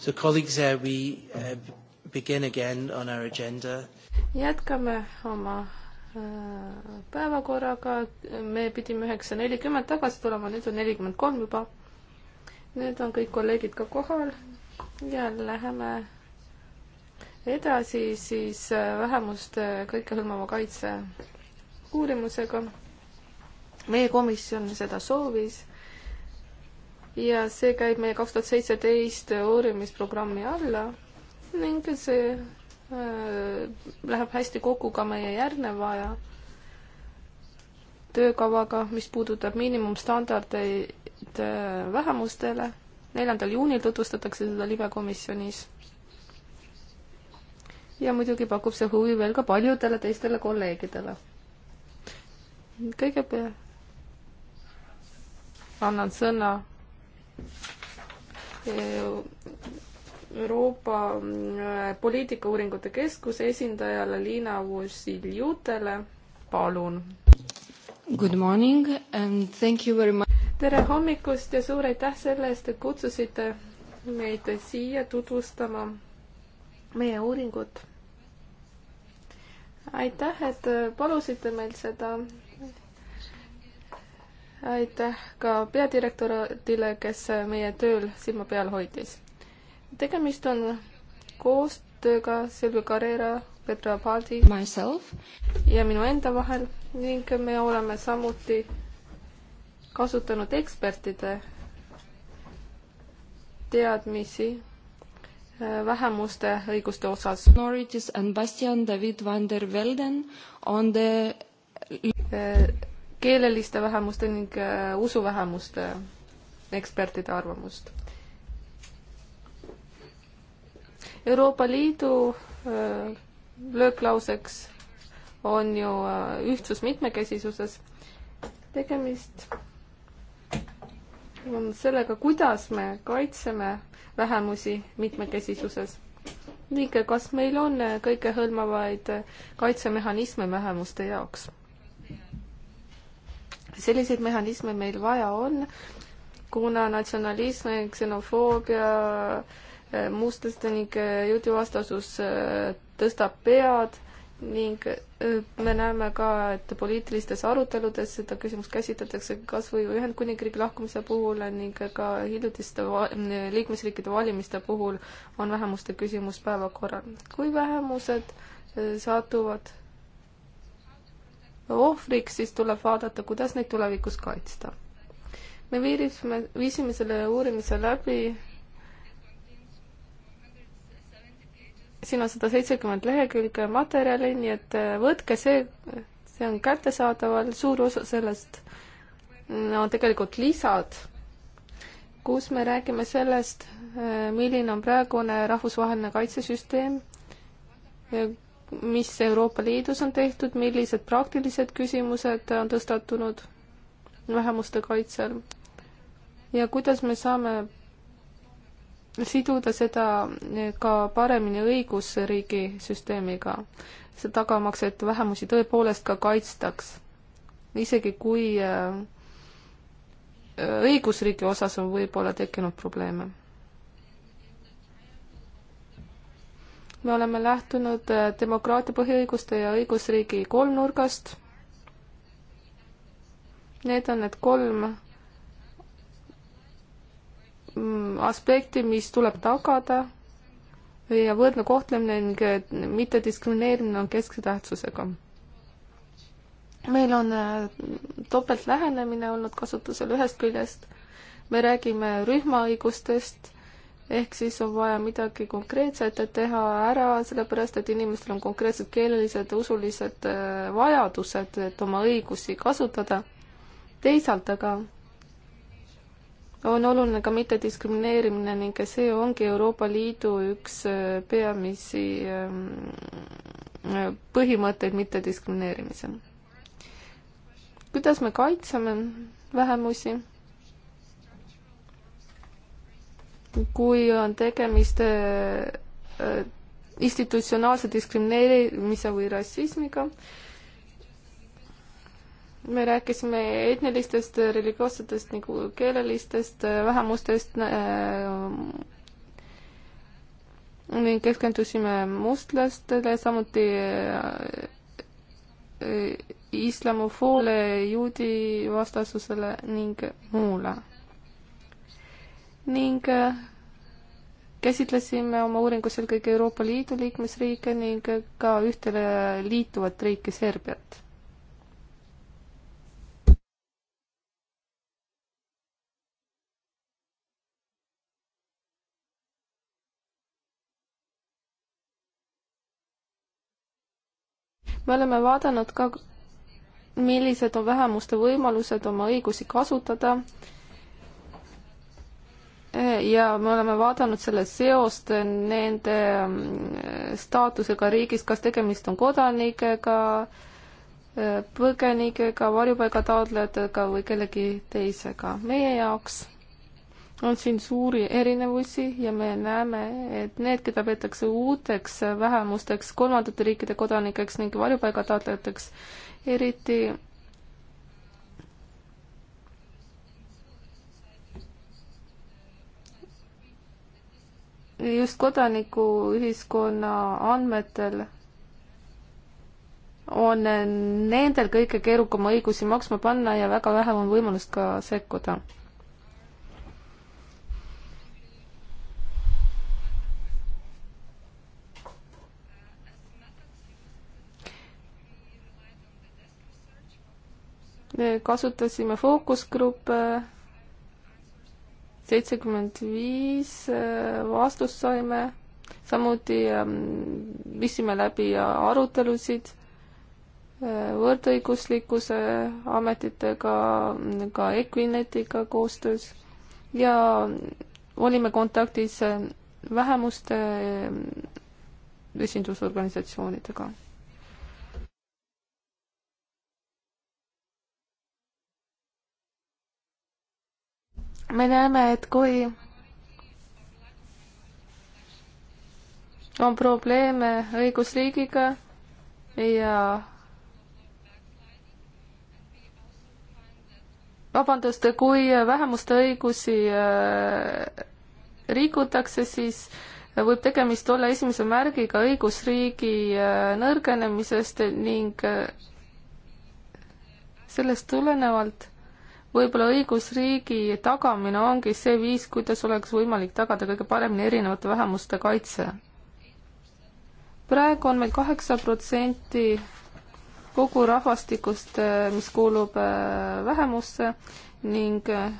So colleagues, uh, we uh, begin again on our agenda. jätkame oma äh, päevakorraga, me pidime üheksa nelikümmend tagasi tulema, nüüd on nelikümmend kolm juba. nüüd on kõik kolleegid ka kohal ja läheme edasi siis äh, vähemuste kõikehõlmava kaitse uurimusega. meie komisjon seda soovis ja see käib meie kaks tuhat seitseteist uurimisprogrammi alla ning see äh, läheb hästi kokku ka meie järgneva ja töökavaga, mis puudutab miinimumstandardeid äh, vähemustele. neljandal juunil tutvustatakse seda libekomisjonis. ja muidugi pakub see huvi veel ka paljudele teistele kolleegidele. kõigepealt annan sõna Euroopa äh, Poliitikauuringute Keskuse esindajale Liina Vussiljutele, palun. Good morning and thank you very much. tere hommikust ja suur aitäh selle eest, et kutsusite meid siia tutvustama meie uuringut. aitäh, et palusite meil seda aitäh ka peadirektoraadile, kes meie tööl silma peal hoidis. tegemist on koostööga Silvia Carrera, Petra Paldi ja minu enda vahel ning me oleme samuti kasutanud ekspertide teadmisi äh, vähemuste õiguste osas. Norritis and Bastian David van der Velden on the äh, keeleliste vähemuste ning äh, usuvähemuste ekspertide arvamust. Euroopa Liidu äh, lööklauseks on ju äh, ühtsus mitmekesisuses. tegemist on sellega, kuidas me kaitseme vähemusi mitmekesisuses. Liike, kas meil on kõikehõlmavaid kaitsemehhanisme vähemuste jaoks? selliseid mehhanisme meil vaja on, kuna natsionalism, ksenofoobia, äh, mustlaste ning äh, juudivastasus äh, tõstab pead ning me näeme ka, et poliitilistes aruteludes seda küsimust käsitletakse kas või Ühendkuningriigi lahkumise puhul ning ka hiljutiste va liikmesriikide valimiste puhul on vähemuste küsimus päevakorral. kui vähemused satuvad ohvriks, siis tuleb vaadata, kuidas neid tulevikus kaitsta. me viirisime, viisime selle uurimise läbi. siin on sada seitsekümmend lehekülge materjali, nii et äh, võtke see, see on kättesaadaval, suur osa sellest no tegelikult lisad, kus me räägime sellest, äh, milline on praegune rahvusvaheline kaitsesüsteem mis Euroopa Liidus on tehtud, millised praktilised küsimused on tõstatunud vähemuste kaitsel ja kuidas me saame siduda seda ka paremini õigusriigi süsteemiga, see tagamaks, et vähemusi tõepoolest ka kaitstaks, isegi kui äh, õigusriigi osas on võib-olla tekkinud probleeme me oleme lähtunud äh, demokraatia põhiõiguste ja õigusriigi kolmnurgast. Need on need kolm mm, aspekti, mis tuleb tagada ja võrdne kohtlemine ning äh, mittediskrimineerimine on keskse tähtsusega. meil on äh, topeltlähenemine olnud kasutusel ühest küljest, me räägime rühmaõigustest ehk siis on vaja midagi konkreetset teha ära, sellepärast et inimestel on konkreetsed keelelised, usulised äh, vajadused, et oma õigusi kasutada. teisalt aga on oluline ka mittediskrimineerimine ning see ongi Euroopa Liidu üks äh, peamisi ähm, äh, põhimõtteid mittediskrimineerimisel. kuidas me kaitseme vähemusi? kui on tegemist äh, äh, institutsionaalse diskrimineerimise või rassismiga. me rääkisime etnilistest, religioossetest nagu keelelistest äh, vähemustest ning keskendusime mustlastele, samuti islamofoole, juudi vastasusele ning muule ning äh, käsitlesime oma uuringus eelkõige Euroopa Liidu liikmesriike ning äh, ka ühtele liituvat riiki Serbiat. me oleme vaadanud ka, millised on vähemuste võimalused oma õigusi kasutada ja me oleme vaadanud selle seost nende mm, staatusega riigis, kas tegemist on kodanikega, põgenikega, varjupaigataotlejatega või kellegi teisega. meie jaoks on siin suuri erinevusi ja me näeme, et need, keda peetakse uuteks vähemusteks, kolmandate riikide kodanikeks ning varjupaigataotlejateks, eriti just kodanikuühiskonna andmetel on nendel kõige keerukam õigusi maksma panna ja väga vähe on võimalust ka sekkuda. me kasutasime fookusgruppe seitsekümmend viis äh, vastust saime, samuti ähm, viisime läbi arutelusid äh, võrdõiguslikkuse ametitega, ka Equinetiga koostöös ja olime kontaktis äh, vähemuste esindusorganisatsioonidega me näeme, et kui on probleeme õigusriigiga ja vabandust, kui vähemuste õigusi äh, rikutakse, siis võib tegemist olla esimese märgiga õigusriigi äh, nõrgenemisest ning äh, sellest tulenevalt võib-olla õigusriigi tagamine ongi see viis, kuidas oleks võimalik tagada kõige paremini erinevate vähemuste kaitse. praegu on meil kaheksa protsenti kogu rahvastikust, eh, mis kuulub eh, vähemusse ning eh,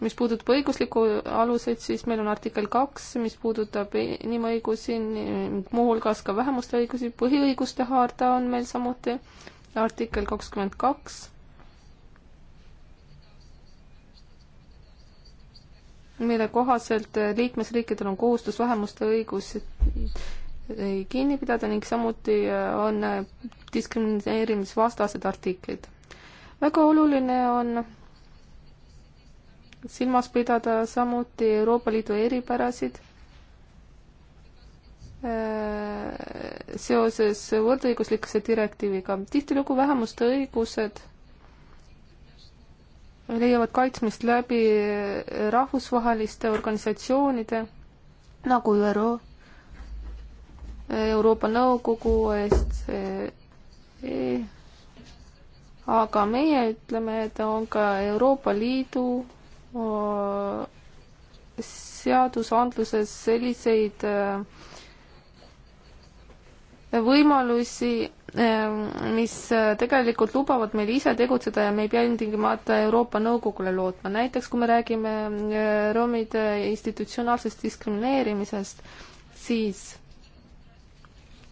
mis puudutab õiguslikku aluseid, siis meil on artikkel kaks, mis puudutab inimõigusi, muuhulgas ka vähemuste õigusi, põhiõiguste haarta on meil samuti artikkel kakskümmend kaks mille kohaselt eh, liikmesriikidel on kohustus vähemuste õigusi eh, kinni pidada ning samuti eh, on diskrimineerimisvastased artiklid. väga oluline on silmas pidada samuti Euroopa Liidu eripärasid Äh, seoses võrdõiguslikkuse direktiiviga. tihtilugu vähemuste õigused leiavad kaitsmist läbi rahvusvaheliste organisatsioonide nagu ÜRO, Euroopa Nõukogu, OSCE, aga meie ütleme, et on ka Euroopa Liidu äh, seadusandluses selliseid äh, võimalusi, ähm, mis äh, tegelikult lubavad meil ise tegutseda ja me ei pea ilmtingimata Euroopa Nõukogule lootma. näiteks kui me räägime äh, romide äh, institutsionaalsest diskrimineerimisest, siis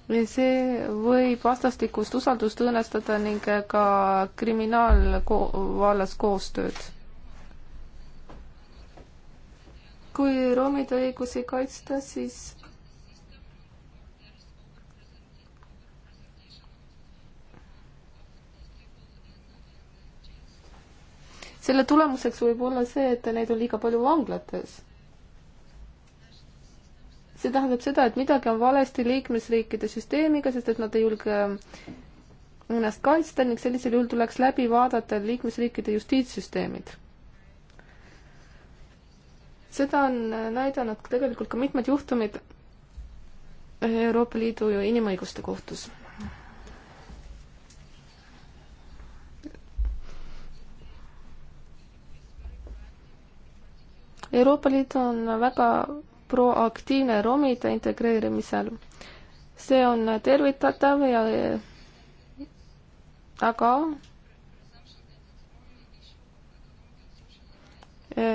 see võib vastastikust usaldust õõnestada ning ka kriminaalvallas koostööd. kui romide õigusi kaitsta, siis selle tulemuseks võib olla see, et neid on liiga palju vanglates. see tähendab seda, et midagi on valesti liikmesriikide süsteemiga, sest et nad ei julge ennast kaitsta ning sellisel juhul tuleks läbi vaadata liikmesriikide justiitssüsteemid seda on näidanud tegelikult ka mitmed juhtumid Euroopa Liidu inimõiguste kohtus Euroopa Liit on väga proaktiivne romide integreerimisel. see on tervitatav ja aga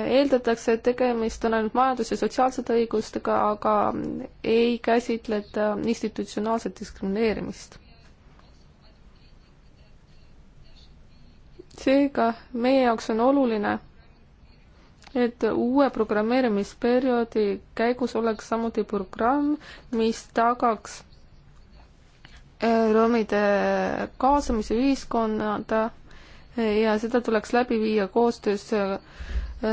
eeldatakse, et tegemist on ainult majandus- ja sotsiaalsete õigustega, aga ei käsitleta institutsionaalset diskrimineerimist. seega meie jaoks on oluline et uue programmeerimisperioodi käigus oleks samuti programm, mis tagaks äh, romide kaasamise ühiskonda ja seda tuleks läbi viia koostöös äh,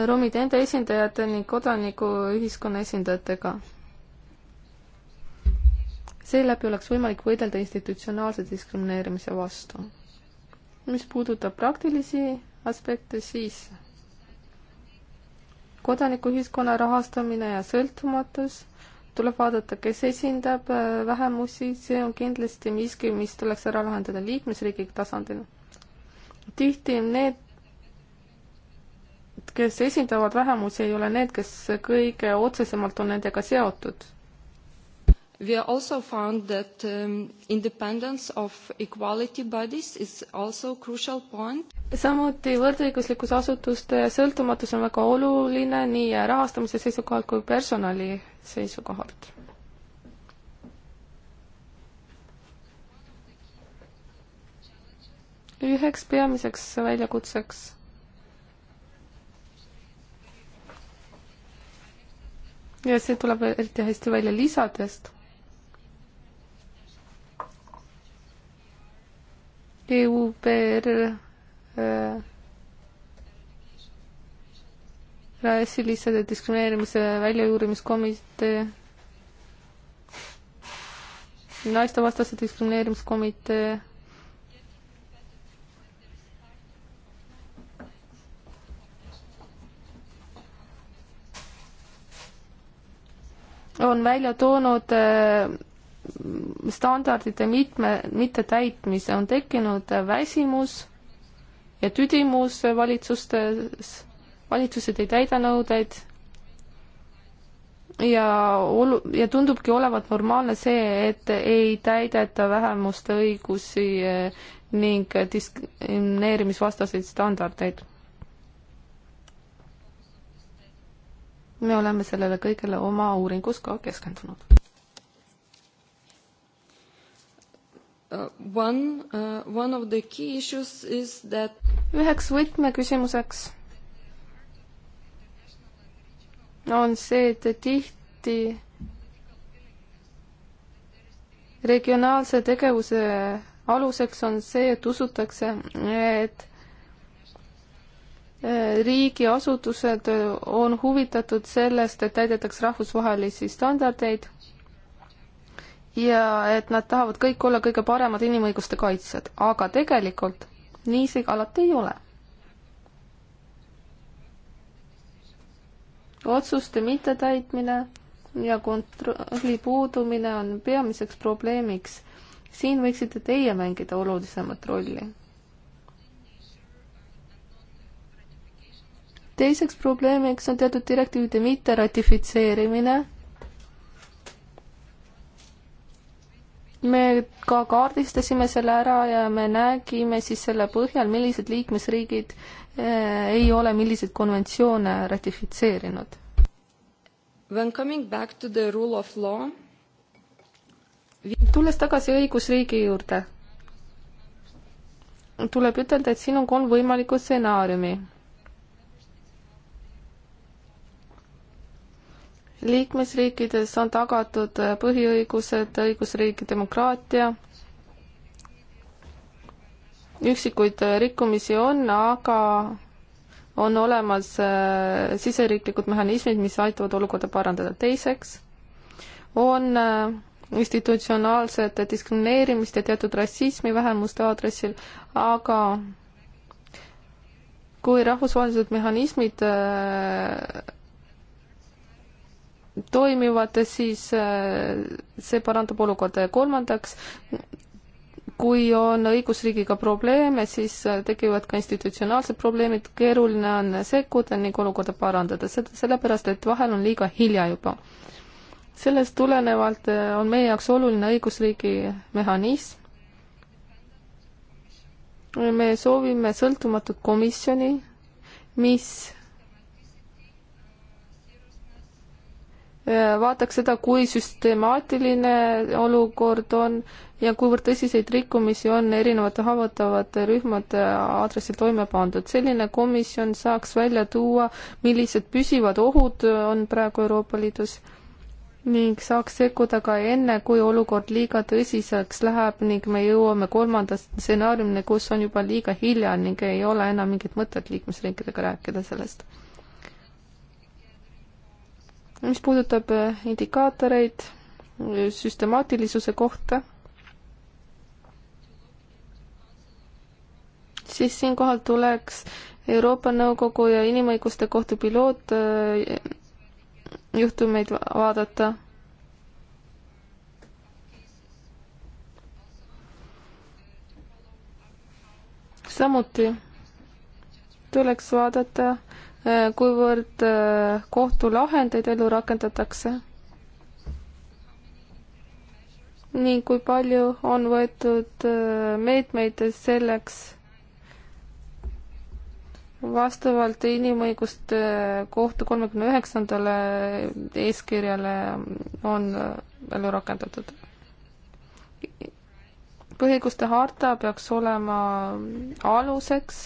romide enda esindajate ning kodanikuühiskonna esindajatega. seeläbi oleks võimalik võidelda institutsionaalse diskrimineerimise vastu. mis puudutab praktilisi aspekte, siis kodanikuühiskonna rahastamine ja sõltumatus, tuleb vaadata, kes esindab äh, vähemusi, see on kindlasti miski, mis tuleks ära lahendada liikmesriigi tasandil. tihti need, kes esindavad vähemusi, ei ole need, kes kõige otsesemalt on nendega seotud We also found that um, independence of equality bodies is also crucial point. samuti võrdõiguslikkuse asutuste sõltumatus on väga oluline nii rahastamise seisukohalt kui personali seisukohalt. üheks peamiseks väljakutseks ja see tuleb eriti hästi välja lisadest EUPR äh, rassilistade diskrimineerimise väljajuurimiskomitee, naistevastase diskrimineerimiskomitee, on välja toonud äh, standardite mitme, mittetäitmise on tekkinud väsimus ja tüdimus valitsustes, valitsused ei täida nõudeid ja olu-, ja tundubki olevat normaalne see, et ei täideta vähemuste õigusi eh, ning diskrimineerimisvastaseid standardeid. me oleme sellele kõigele oma uuringus ka keskendunud Uh, one, uh, one of the key issues is that üheks võtmeküsimuseks on see, et tihti regionaalse tegevuse aluseks on see, et usutakse, et äh, riigiasutused on huvitatud sellest, et täidetaks rahvusvahelisi standardeid ja et nad tahavad kõik olla kõige paremad inimõiguste kaitsjad, aga tegelikult nii see alati ei ole. otsuste mittetäitmine ja kontrolli puudumine on peamiseks probleemiks. siin võiksite teie mängida olulisemat rolli. teiseks probleemiks on teatud direktiivide mitte ratifitseerimine me ka kaardistasime selle ära ja me nägime siis selle põhjal, millised liikmesriigid eh, ei ole milliseid konventsioone ratifitseerinud. When coming back to the rule of law tulles tagasi õigusriigi juurde, tuleb ütelda, et siin on kolm võimalikku stsenaariumi liikmesriikides on tagatud äh, põhiõigused, õigusriik, demokraatia. üksikuid äh, rikkumisi on, aga on olemas äh, siseriiklikud mehhanismid, mis aitavad olukorda parandada. teiseks on institutsionaalset diskrimineerimist ja teatud rassismi vähemuste aadressil, aga kui rahvusvahelised mehhanismid toimivad, siis äh, see parandab olukorda ja kolmandaks, kui on õigusriigiga probleeme, siis äh, tekivad ka institutsionaalsed probleemid, keeruline on sekkuda ning olukorda parandada, seda sellepärast, et vahel on liiga hilja juba. sellest tulenevalt äh, on meie jaoks oluline õigusriigi mehhanism. me soovime sõltumatut komisjoni, mis Äh, vaataks seda, kui süstemaatiline olukord on ja kuivõrd tõsiseid rikkumisi on erinevate haavatavate rühmade aadressil toime pandud. selline komisjon saaks välja tuua, millised püsivad ohud on praegu Euroopa Liidus ning saaks sekkuda ka enne, kui olukord liiga tõsiseks läheb ning me jõuame kolmanda stsenaariumini, kus on juba liiga hilja ning ei ole enam mingit mõtet liikmesriikidega rääkida sellest mis puudutab eh, indikaatoreid eh, süstemaatilisuse kohta, siis siinkohal tuleks Euroopa Nõukogu ja Inimõiguste Kohtu pilootjuhtumeid eh, vaadata. samuti tuleks vaadata Äh, kuivõrd äh, kohtulahendeid ellu rakendatakse ning kui palju on võetud äh, meetmeid selleks vastavalt inimõiguste kohtu kolmekümne üheksandale eeskirjale on ellu rakendatud. põhiõiguste harta peaks olema aluseks,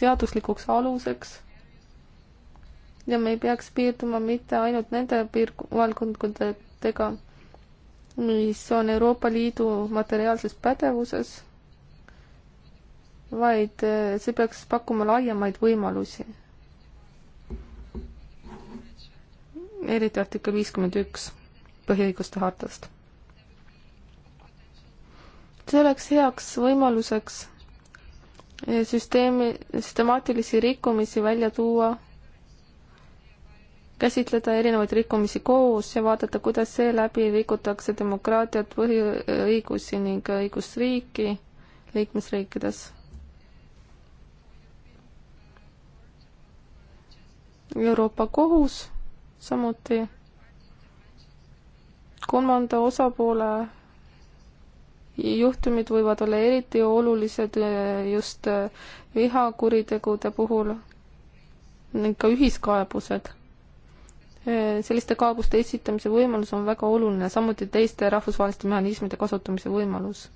seaduslikuks aluseks ja me ei peaks piirduma mitte ainult nende piirk-, valdkondadega, mis on Euroopa Liidu materiaalses pädevuses, vaid eh, see peaks pakkuma laiemaid võimalusi. eriti artikkel viiskümmend üks põhiõiguste hartast. see oleks heaks võimaluseks eh, süsteemi, süstemaatilisi rikkumisi välja tuua käsitleda erinevaid rikkumisi koos ja vaadata, kuidas seeläbi rikutakse demokraatiat, põhiõigusi ning õigusriiki liikmesriikides. Euroopa Kohus samuti kolmanda osapoole juhtumid võivad olla eriti olulised eh, just eh, vihakuritegude puhul ning ka ühiskaebused Äh, selliste kaebuste esitamise võimalus on väga oluline, samuti teiste rahvusvaheliste mehhanismide kasutamise võimalus.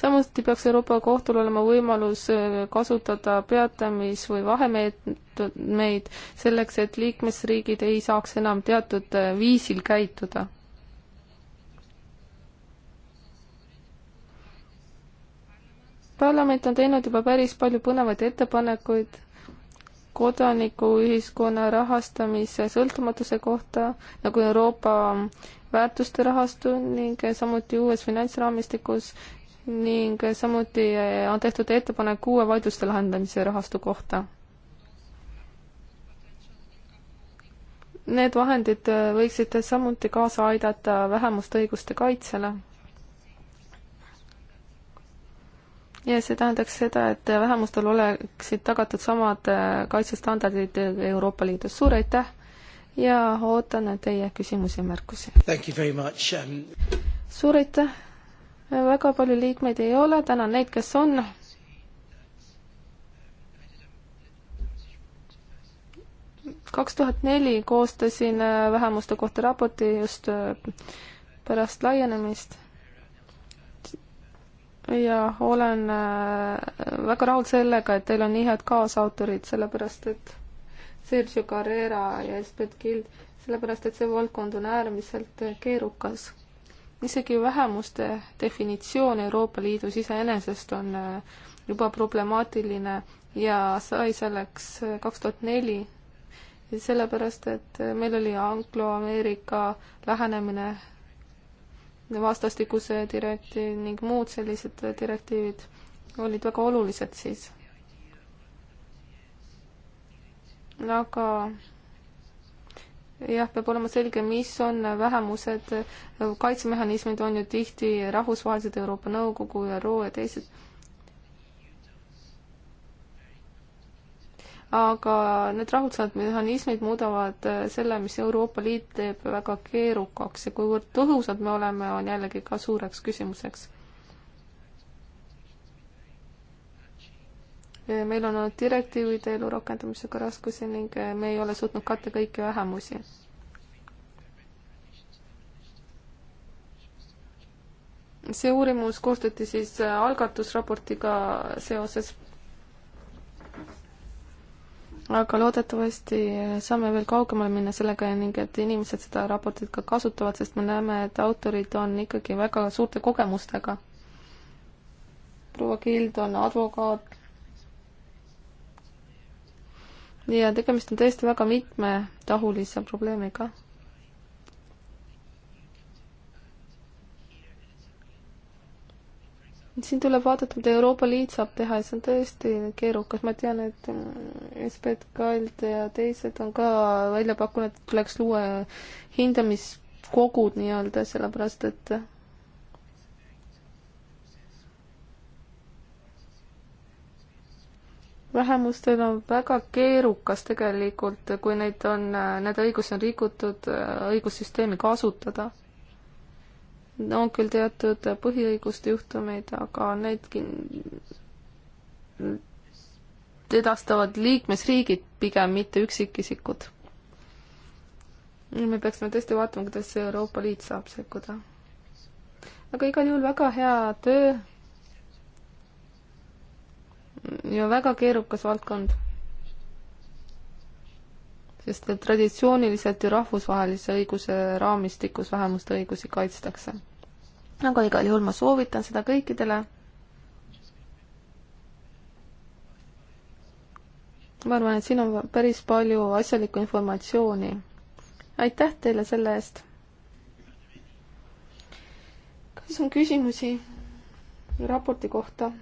samuti peaks Euroopa Kohtul olema võimalus äh, kasutada peatamis- või vahemeetmeid selleks, et liikmesriigid ei saaks enam teatud äh, viisil käituda parlament on teinud juba päris palju põnevaid ettepanekuid kodanikuühiskonna rahastamise sõltumatuse kohta, nagu Euroopa väärtuste rahastu ning samuti uues finantsraamistikus ning samuti on tehtud ettepanek uue vaidluste lahendamise rahastu kohta. Need vahendid võiksid samuti kaasa aidata vähemuste õiguste kaitsele ja see tähendaks seda, et vähemustel oleksid tagatud samad äh, kaitsestandardid Euroopa Liidus. suur aitäh ja ootan teie küsimusi ja märkusi. Um... suur aitäh. väga palju liikmeid ei ole, tänan neid, kes on. kaks tuhat neli koostasin äh, vähemuste kohta raporti just äh, pärast laienemist ja olen äh, väga rahul sellega, et teil on nii head kaasautorid, sellepärast et Sergio Carrera ja Elspeth Gild, sellepärast et see valdkond on äärmiselt keerukas. isegi vähemuste definitsioon Euroopa Liidus iseenesest on äh, juba problemaatiline ja sai selleks äh, kaks tuhat neli, sellepärast et meil oli angloameerika lähenemine vastastikuse direktiiv ning muud sellised direktiivid olid väga olulised siis. aga jah, peab olema selge, mis on vähemused, kaitsemehhanismid on ju tihti rahvusvahelised, Euroopa Nõukogu, ÜRO ja teised aga need rahutsevad mehhanismid muudavad äh, selle, mis Euroopa Liit teeb, väga keerukaks ja kuivõrd tõhusad me oleme, on jällegi ka suureks küsimuseks. Äh, meil on olnud direktiivide elu rakendamisega raskusi ning äh, me ei ole suutnud katta kõiki vähemusi. see uurimus koostati siis algatusraportiga seoses aga loodetavasti saame veel kaugemale minna sellega ning et inimesed seda raportit ka kasutavad, sest me näeme, et autorid on ikkagi väga suurte kogemustega. proua Kild on advokaat. ja tegemist on tõesti väga mitmetahulise probleemiga siin tuleb vaadata, mida Euroopa Liit saab teha ja see on tõesti keerukas, ma tean, et Espet mm, Kald ja teised on ka välja pakkunud, et tuleks luua hindamiskogud nii-öelda, sellepärast et vähemustel on väga keerukas tegelikult, kui neid on, nende õigusi on rikutud, õigussüsteemi kasutada on küll teatud põhiõiguste juhtumeid, aga need edastavad liikmesriigid pigem, mitte üksikisikud. me peaksime tõesti vaatama, kuidas Euroopa Liit saab sekkuda. aga igal juhul väga hea töö ja väga keerukas valdkond sest et traditsiooniliselt ju rahvusvahelise õiguse raamistikus vähemuste õigusi kaitstakse. aga nagu igal juhul ma soovitan seda kõikidele. ma arvan, et siin on päris palju asjalikku informatsiooni. aitäh teile selle eest. kas on küsimusi raporti kohta?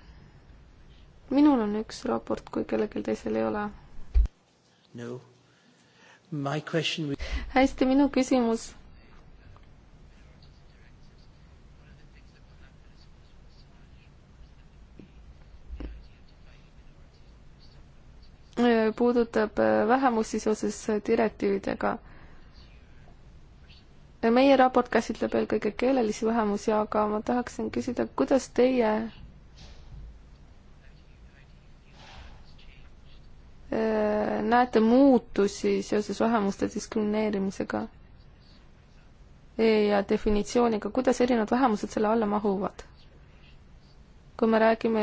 minul on üks raport, kui kellelgi teisel ei ole. no Question... hästi, minu küsimus. Äh, puudutab äh, vähemusi seoses äh, direktiividega. meie raport käsitleb eelkõige keelelisi vähemusi, aga ma tahaksin küsida, kuidas teie näete muutusi seoses vähemuste diskrimineerimisega e ja definitsiooniga, kuidas erinevad vähemused selle alla mahuvad? kui me räägime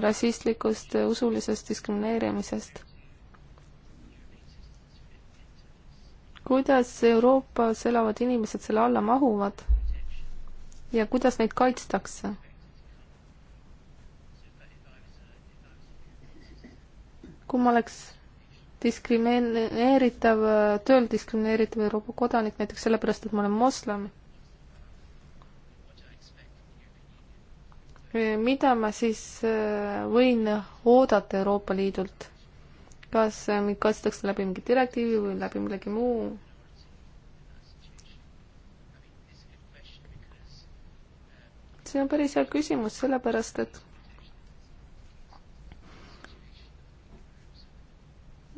rassistlikust usulisest diskrimineerimisest, kuidas Euroopas elavad inimesed selle alla mahuvad ja kuidas neid kaitstakse? kumb oleks diskrimineeritav, tööl diskrimineeritav Euroopa kodanik näiteks sellepärast, et ma olen moslem. mida ma siis äh, võin oodata Euroopa Liidult? kas äh, mind kaitstakse läbi mingi direktiivi või läbi millegi muu? see on päris hea küsimus, sellepärast et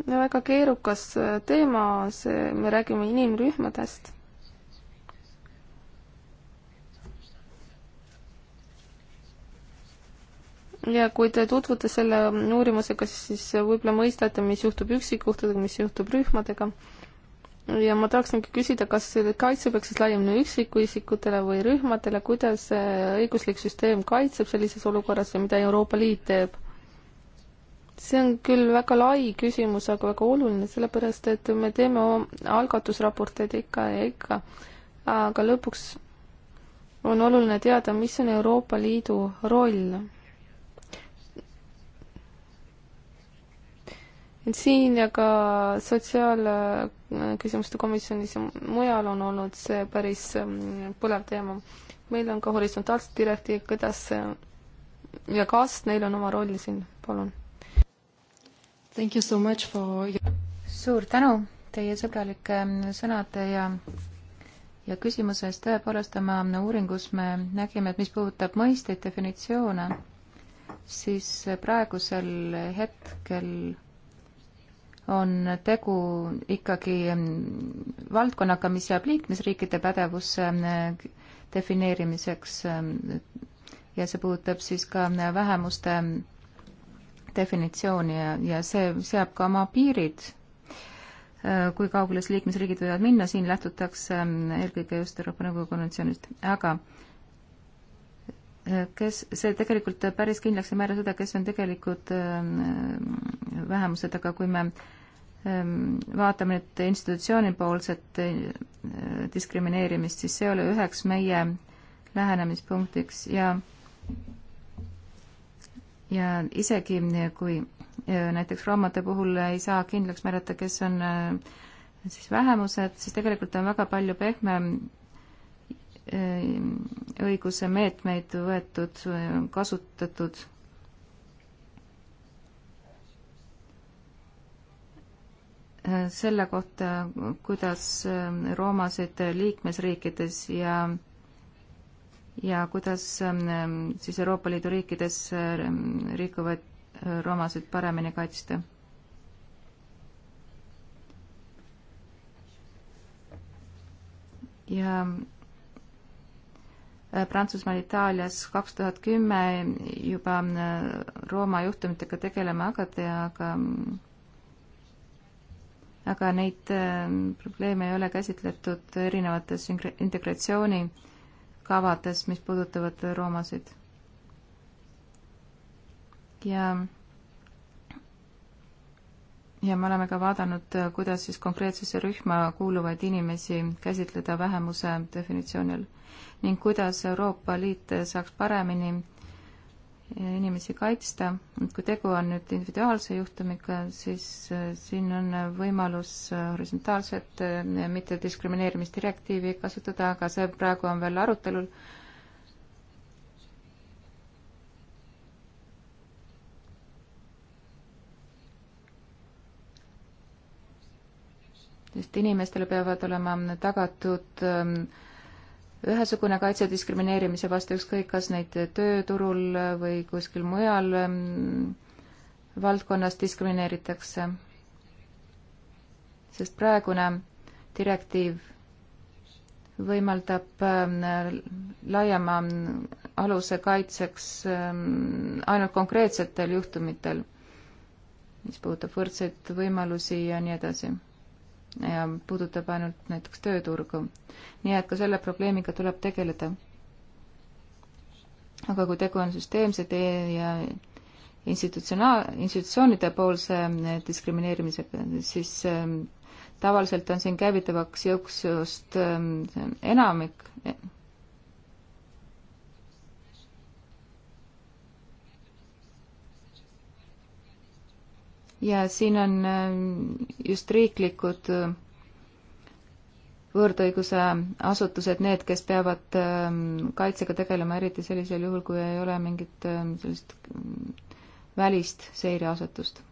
väga keerukas äh, teema, see, me räägime inimrühmadest ja kui te tutvute selle uurimusega, siis äh, võib-olla mõistate, mis juhtub üksikjuhtudega, mis juhtub rühmadega. ja ma tahaksingi küsida, kas kaitse peaks siis laiemini üksikuisikutele või rühmadele, kuidas õiguslik süsteem kaitseb sellises olukorras ja mida Euroopa Liit teeb? see on küll väga lai küsimus, aga väga oluline, sellepärast et me teeme algatusraporteid ikka ja ikka, aga lõpuks on oluline teada, mis on Euroopa Liidu roll. siin ja ka sotsiaalküsimuste komisjonis ja mujal on olnud see päris mm, põlev teema. meil on ka horisontaalsed direktiivid, kuidas ja kas neil on oma roll siin, palun For... suur tänu teie sõbralike ähm, sõnade ja ja küsimuse eest tõepoolest oma uuringus me nägime, et mis puudutab mõisteid, definitsioone, siis praegusel hetkel on tegu ikkagi ähm, valdkonnaga, mis jääb liikmesriikide pädevusse ähm, defineerimiseks ja see puudutab siis ka vähemuste definitsiooni ja, ja see seab ka oma piirid, kui kaugele siis liikmesriigid võivad minna, siin lähtutakse ähm, eelkõige just Euroopa Nõukogu konventsioonist, aga äh, kes, see tegelikult päris kindlaks ei määra seda, kes on tegelikud ähm, vähemused, aga kui me ähm, vaatame nüüd institutsioonipoolset äh, diskrimineerimist, siis see oli üheks meie lähenemispunktiks ja ja isegi eh, kui eh, näiteks roomade puhul ei saa kindlaks määrata, kes on eh, siis vähemused, siis tegelikult on väga palju pehme õiguse meetmeid võetud, kasutatud. selle kohta, kuidas roomasid liikmesriikides ja ja kuidas ähm, siis Euroopa Liidu riikides liikuvaid ähm, äh, romasid paremini kaitsta. ja äh, Prantsusmaal, Itaalias kaks tuhat kümme juba äh, Rooma juhtumitega tegelema hakati, aga aga neid probleeme ei ole käsitletud erinevates integratsiooni äh, kavades, mis puudutavad roomasid. ja ja me oleme ka vaadanud, kuidas siis konkreetsesse rühma kuuluvaid inimesi käsitleda vähemuse definitsioonil ning kuidas Euroopa Liit saaks paremini inimesi kaitsta, et kui tegu on nüüd individuaalse juhtumiga, siis äh, siin on äh, võimalus äh, horisontaalset mittediskrimineerimisdirektiivi kasutada, aga see praegu on veel arutelul. sest inimestele peavad olema tagatud ähm, ühesugune kaitse diskrimineerimise vastu, ükskõik kas neid tööturul või kuskil mujal ähm, valdkonnas diskrimineeritakse. sest praegune direktiiv võimaldab ähm, laiema aluse kaitseks ähm, ainult konkreetsetel juhtumitel, mis puudutab võrdseid võimalusi ja nii edasi ja puudutab ainult näiteks tööturgu. nii et ka selle probleemiga tuleb tegeleda. aga kui tegu on süsteemsete ja institutsionaal, institutsioonide poolse eh, diskrimineerimisega, siis eh, tavaliselt on siin käivitavaks jõuks just eh, enamik, ja siin on ähm, just riiklikud äh, võõrdõiguse asutused need, kes peavad ähm, kaitsega tegelema, eriti sellisel juhul, kui ei ole mingit ähm, sellist mm, välist seireasutust.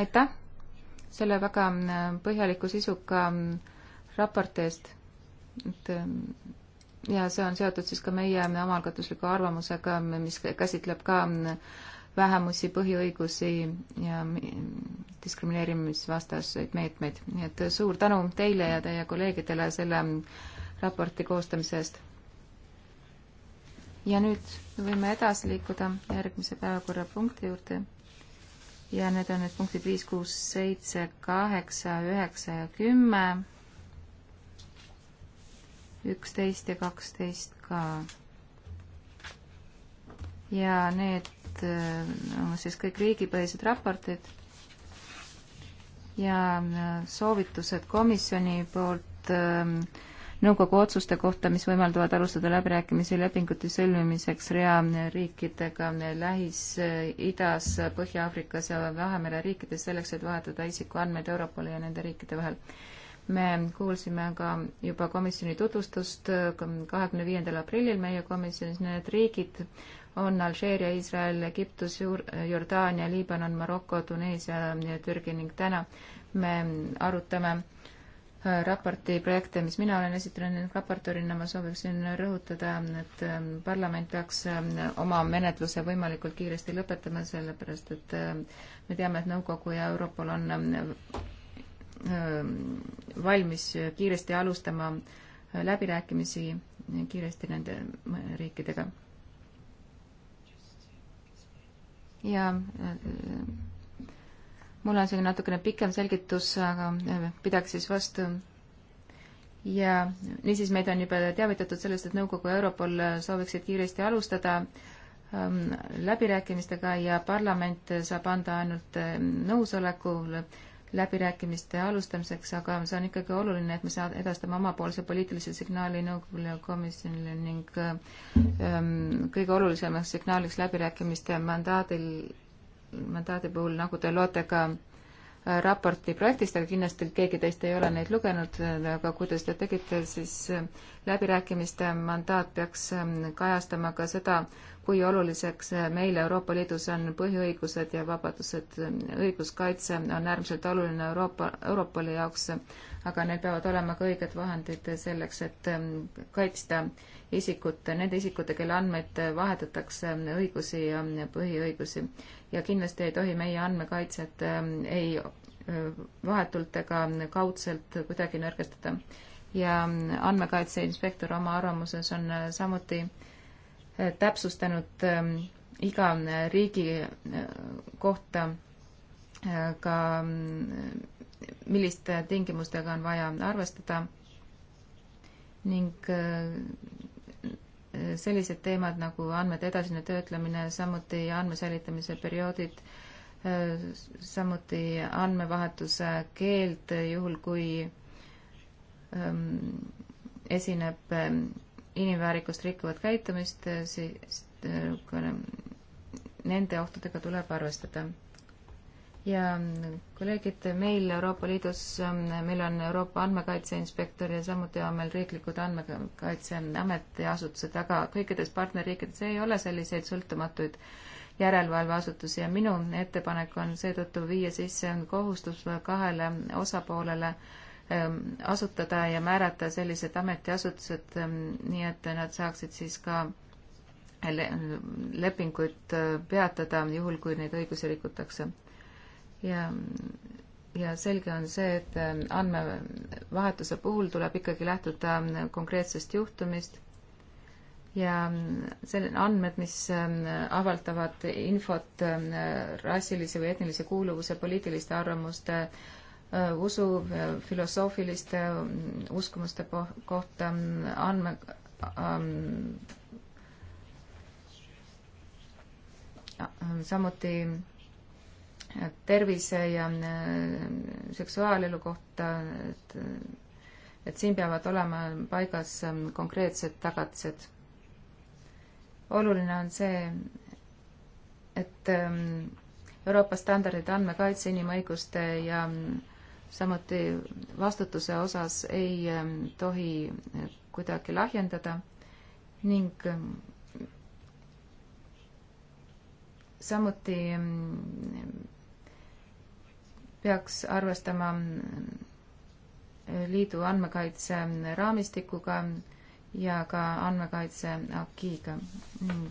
aitäh selle väga äh, põhjaliku sisuka mm, raporti eest, et ja see on seotud siis ka meie omaalgatusliku arvamusega, mis käsitleb ka vähemusi, põhiõigusi ja diskrimineerimisvastaseid meetmeid. nii et suur tänu teile ja teie kolleegidele selle raporti koostamise eest. ja nüüd võime edasi liikuda järgmise päevakorrapunkti juurde. ja need on nüüd punktid viis, kuus, seitse, kaheksa, üheksa ja kümme üksteist ja kaksteist ka. ja need äh, on no, siis kõik riigipõhised raportid ja äh, soovitused komisjoni poolt ähm, nõukogu otsuste kohta, mis võimaldavad alustada läbirääkimisi lepingute sõlmimiseks rea äh, riikidega Lähis-Idas, Põhja-Aafrikas ja Vahemere riikides selleks, et vahetada isikuandmeid Europoli ja nende riikide vahel me kuulsime ka juba komisjoni tutvustust kahekümne viiendal aprillil meie komisjonis, need riigid on Alžeeria, Iisrael, Egiptus, Jordaania, Liibanon, Maroko, Tuneesia ja Türgi ning täna me arutame äh, raporti projekte, mis mina olen esitanud raportöörina, ma sooviksin rõhutada, et ähm, parlament peaks ähm, oma menetluse võimalikult kiiresti lõpetama, sellepärast et äh, me teame, et nõukogu ja Europol on ähm, Äh, valmis kiiresti alustama läbirääkimisi kiiresti nende riikidega. ja äh, mul on selline natukene pikem selgitus, aga äh, pidaks siis vastu. ja niisiis meid on juba teavitatud sellest, et Nõukogu ja Europol sooviksid kiiresti alustada ähm, läbirääkimistega ja parlament saab anda ainult nõusolekul läbirääkimiste alustamiseks, aga see on ikkagi oluline, et me saa-, edastame omapoolse poliitilise signaali nõukogule ja komisjonile ning ähm, kõige olulisemaks signaaliks läbirääkimiste mandaadil, mandaadi puhul, nagu te loote ka äh, raporti projektist, aga kindlasti keegi teist ei ole neid lugenud, aga kui te seda tegite, siis äh, läbirääkimiste mandaat peaks ähm, kajastama ka seda, kui oluliseks meile Euroopa Liidus on põhiõigused ja vabadused. õiguskaitse on äärmiselt oluline Euroopa, Europoli jaoks, aga neil peavad olema ka õiged vahendid selleks, et ähm, kaitsta isikut, nende isikute, kelle andmeid vahetatakse, ähm, õigusi ja põhiõigusi. ja kindlasti ei tohi meie andmekaitset ähm, ei äh, vahetult ega kaudselt kuidagi nõrgestada. ja andmekaitse inspektor oma arvamuses on äh, samuti äh, täpsustanud ähm, iga äh, riigi äh, kohta äh, ka, mm, milliste tingimustega on vaja arvestada ning sellised teemad nagu andmete edasine töötlemine, samuti andmesäilitamise perioodid, samuti andmevahetuse keeld, juhul kui ähm, esineb ähm, inimväärikust rikkuvat käitumist, äh, siis äh, nende ohtudega tuleb arvestada. ja mm, kolleegid, meil Euroopa Liidus, mm, meil on Euroopa Andmekaitse Inspektor ja samuti on meil riiklikud andmekaitseameti asutused, aga kõikides partnerriikides ei ole selliseid sõltumatuid järelevalveasutusi ja minu ettepanek on seetõttu viia sisse kohustus kahele osapoolele äh, Ähm, asutada ja määrata sellised ametiasutused, ähm, nii et nad saaksid siis ka lepinguid äh, peatada, juhul kui neid õigusi rikutakse. ja, ja selge on see, et ähm, andmevahetuse puhul tuleb ikkagi lähtuda konkreetsest juhtumist ja selle andmed, mis avaldavad infot rassilise või etnilise kuuluvuse, poliitiliste arvamuste äh, Äh, usu filosoofiliste mm, uskumuste kohta mm, andme ähm, ähm, samuti äh, tervise ja mm, äh, seksuaalelu kohta, et, et siin peavad olema paigas ähm, konkreetsed tagatised. oluline on see, et Euroopa standardid andmekaitse, inimõiguste ja äh, samuti vastutuse osas ei ähm, tohi äh, kuidagi lahjendada ning ähm, samuti ähm, peaks arvestama äh, liidu andmekaitse raamistikuga ja ka andmekaitse akiiga ning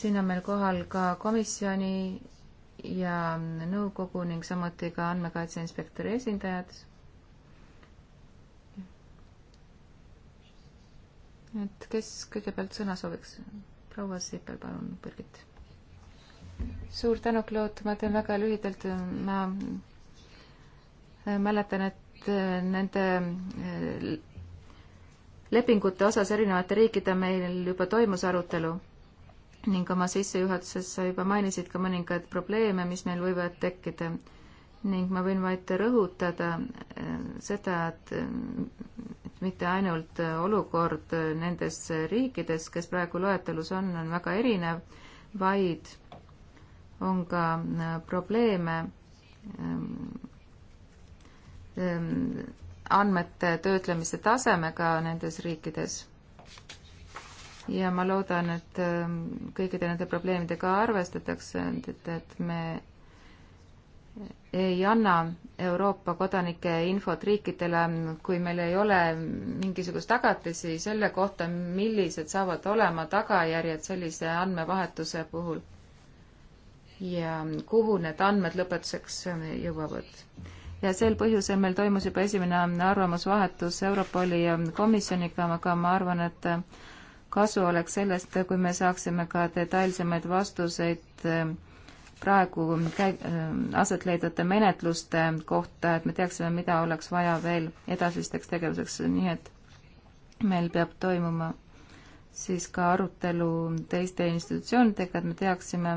siin on meil kohal ka komisjoni ja nõukogu ning samuti ka andmekaitse inspektori esindajad. et kes kõigepealt sõna sooviks? proua Siipel, palun, Birgit. suur tänu, Claude, ma teen väga lühidalt, ma mäletan, et äh, nende äh, lepingute osas erinevate riikide meil juba toimus arutelu ning oma sissejuhatuses sa juba mainisid ka mõningaid probleeme, mis meil võivad tekkida. ning ma võin vaid rõhutada äh, seda, et äh, mitte ainult olukord nendes riikides, kes praegu loetelus on, on väga erinev, vaid on ka äh, probleeme ähm, ähm, andmete töötlemise tasemega nendes riikides ja ma loodan, et ähm, kõikide nende probleemidega arvestatakse, et, et me ei anna Euroopa kodanike infot riikidele, kui meil ei ole mingisugust tagatisi selle kohta, millised saavad olema tagajärjed sellise andmevahetuse puhul ja kuhu need andmed lõpetuseks jõuavad. ja sel põhjusel meil toimus juba esimene arvamusvahetus Europoli komisjoniga, aga ma arvan, et kasu oleks sellest, kui me saaksime ka detailsemaid vastuseid ähm, praegu käi-, ähm, aset leidvate menetluste kohta, et me teaksime, mida oleks vaja veel edasisteks tegevuseks, nii et meil peab toimuma siis ka arutelu teiste institutsioonidega, et me teaksime,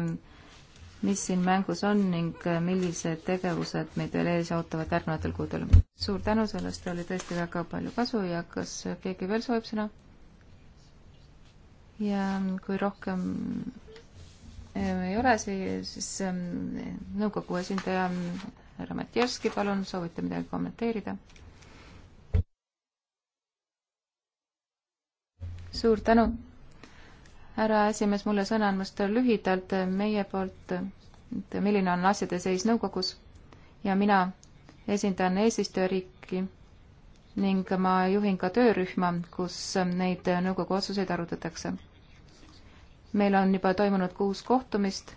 mis siin mängus on ning äh, millised tegevused meid veel ees ootavad järgnevatel kuudel. suur tänu, sellest oli tõesti väga palju kasu ja kas keegi veel soovib sõna? ja kui rohkem äh, ei ole, siis ähm, nõukogu esindaja ähm, härra Matjerski, palun, soovite midagi kommenteerida? suur tänu, härra esimees, mulle sõna andmast lühidalt äh, meie poolt, et milline on asjade seis nõukogus ja mina esindan eesistujariiki ning ma juhin ka töörühma, kus ähm, neid äh, nõukogu otsuseid arutatakse meil on juba toimunud kuus kohtumist,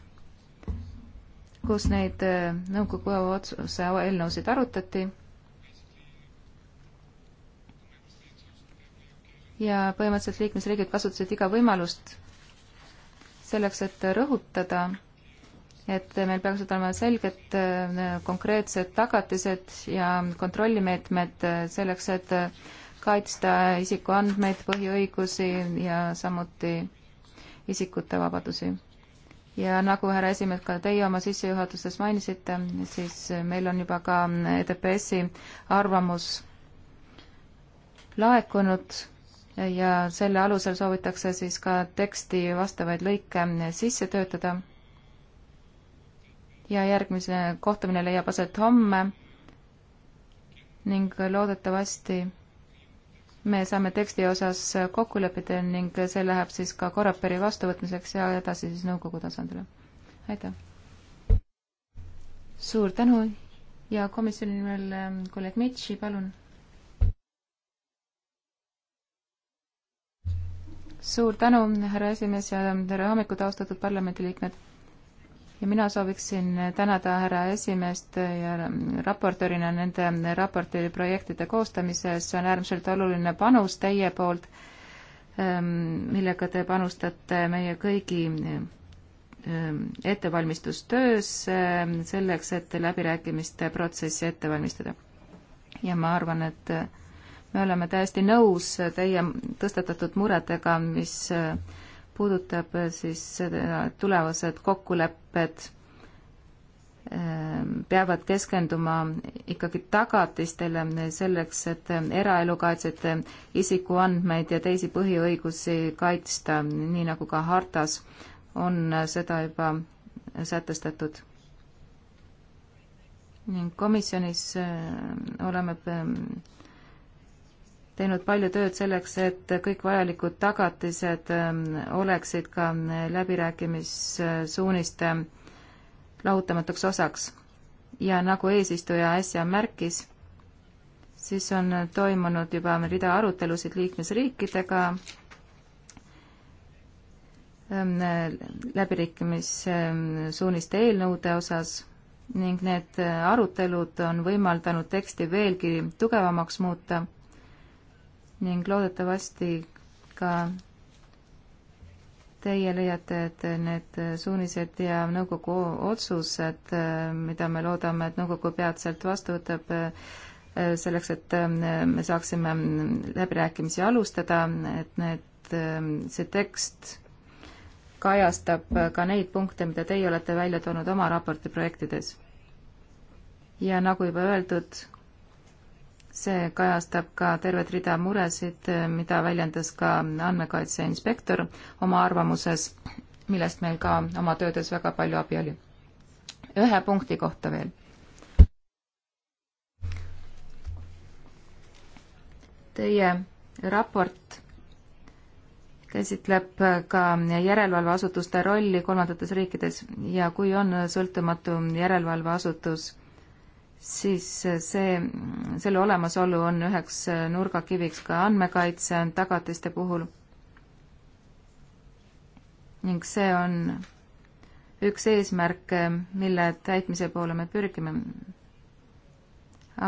kus neid äh, nõukogu otsuse eelnõusid arutati ja põhimõtteliselt liikmesriigid kasutasid iga võimalust selleks, et rõhutada, et meil peaksid olema selged äh, konkreetsed tagatised ja kontrollimeetmed äh, selleks, et kaitsta isikuandmeid, põhiõigusi ja samuti isikute vabadusi. ja nagu härra esimees, ka teie oma sissejuhatuses mainisite, siis meil on juba ka EDPS-i arvamus laekunud ja selle alusel soovitakse siis ka teksti vastavaid lõike sisse töötada. ja järgmise kohtumine leiab aset homme ning loodetavasti me saame teksti osas kokku leppida ning see läheb siis ka Korraperi vastuvõtmiseks ja edasi siis nõukogu tasandile. aitäh! suur tänu ja komisjoni nimel ähm, kolleeg Mitši, palun! suur tänu, härra esimees ja tere hommikut, austatud parlamendiliikmed! ja mina sooviksin tänada härra esimeest ja raportöörina nende raporti projektide koostamise eest, see on äärmiselt oluline panus teie poolt, ähm, millega te panustate meie kõigi ähm, ettevalmistustöös ähm, selleks, et läbirääkimiste protsessi ette valmistada. ja ma arvan, et äh, me oleme täiesti nõus teie tõstatatud muredega, mis äh, puudutab äh, siis äh, tulevased kokkulepped, ähm, peavad keskenduma ikkagi tagatistele äh, selleks, et eraelu kaitset, isikuandmeid ja teisi põhiõigusi kaitsta, nii nagu ka hartas on seda juba sätestatud. ning komisjonis oleme ähm, teinud palju tööd selleks, et kõik vajalikud tagatised ähm, oleksid ka äh, läbirääkimissuuniste äh, lahutamatuks osaks. ja nagu eesistuja äsja märkis, siis on toimunud juba rida arutelusid liikmesriikidega ähm, läbirääkimissuuniste eelnõude osas ning need äh, arutelud on võimaldanud teksti veelgi tugevamaks muuta ning loodetavasti ka teie leiate, et need suunised ja nõukogu otsused, mida me loodame, et nõukogu peatselt vastu võtab, selleks, et me saaksime läbirääkimisi alustada, et need, see tekst kajastab ka neid punkte, mida teie olete välja toonud oma raporti projektides. ja nagu juba öeldud, see kajastab ka tervet rida muresid, mida väljendas ka andmekaitse inspektor oma arvamuses, millest meil ka oma töödes väga palju abi oli. ühe punkti kohta veel. Teie raport käsitleb ka järelevalveasutuste rolli kolmandates riikides ja kui on sõltumatu järelevalveasutus, siis see, selle olemasolu on üheks nurgakiviks ka andmekaitse tagatiste puhul. ning see on üks eesmärk, mille täitmise poole me pürgime.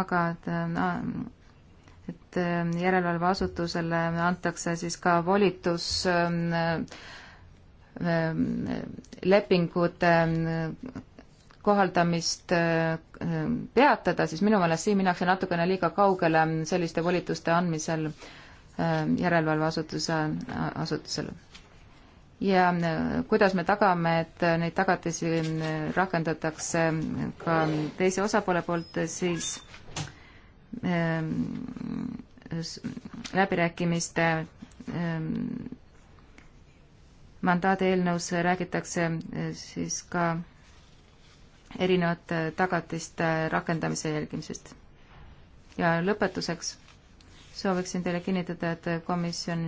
aga et no,, et järelevalveasutusele antakse siis ka volitus ähm, ähm, lepingute kohaldamist äh, peatada, siis minu meelest siin minnakse natukene liiga kaugele selliste volituste andmisel äh, järelevalveasutuse, asutusele. ja äh, kuidas me tagame, et neid tagatisi rakendatakse ka teise osapoole poolt, siis läbirääkimiste mandaadi eelnõus räägitakse siis ka erinevate äh, tagatiste äh, rakendamise jälgimisest. ja lõpetuseks sooviksin teile kinnitada, et komisjon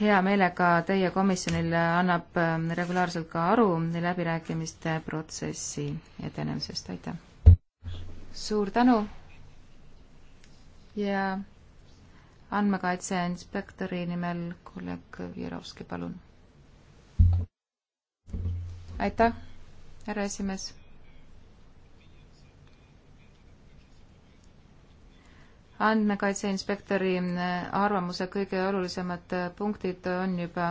hea meelega teie komisjonile annab ähm, regulaarselt ka aru läbirääkimiste protsessi edenemisest, aitäh! suur tänu ja andmekaitse inspektori nimel kolleeg Vjerovski, palun! aitäh! härra esimees. andmekaitse inspektori mm, arvamuse kõige olulisemad äh, punktid on juba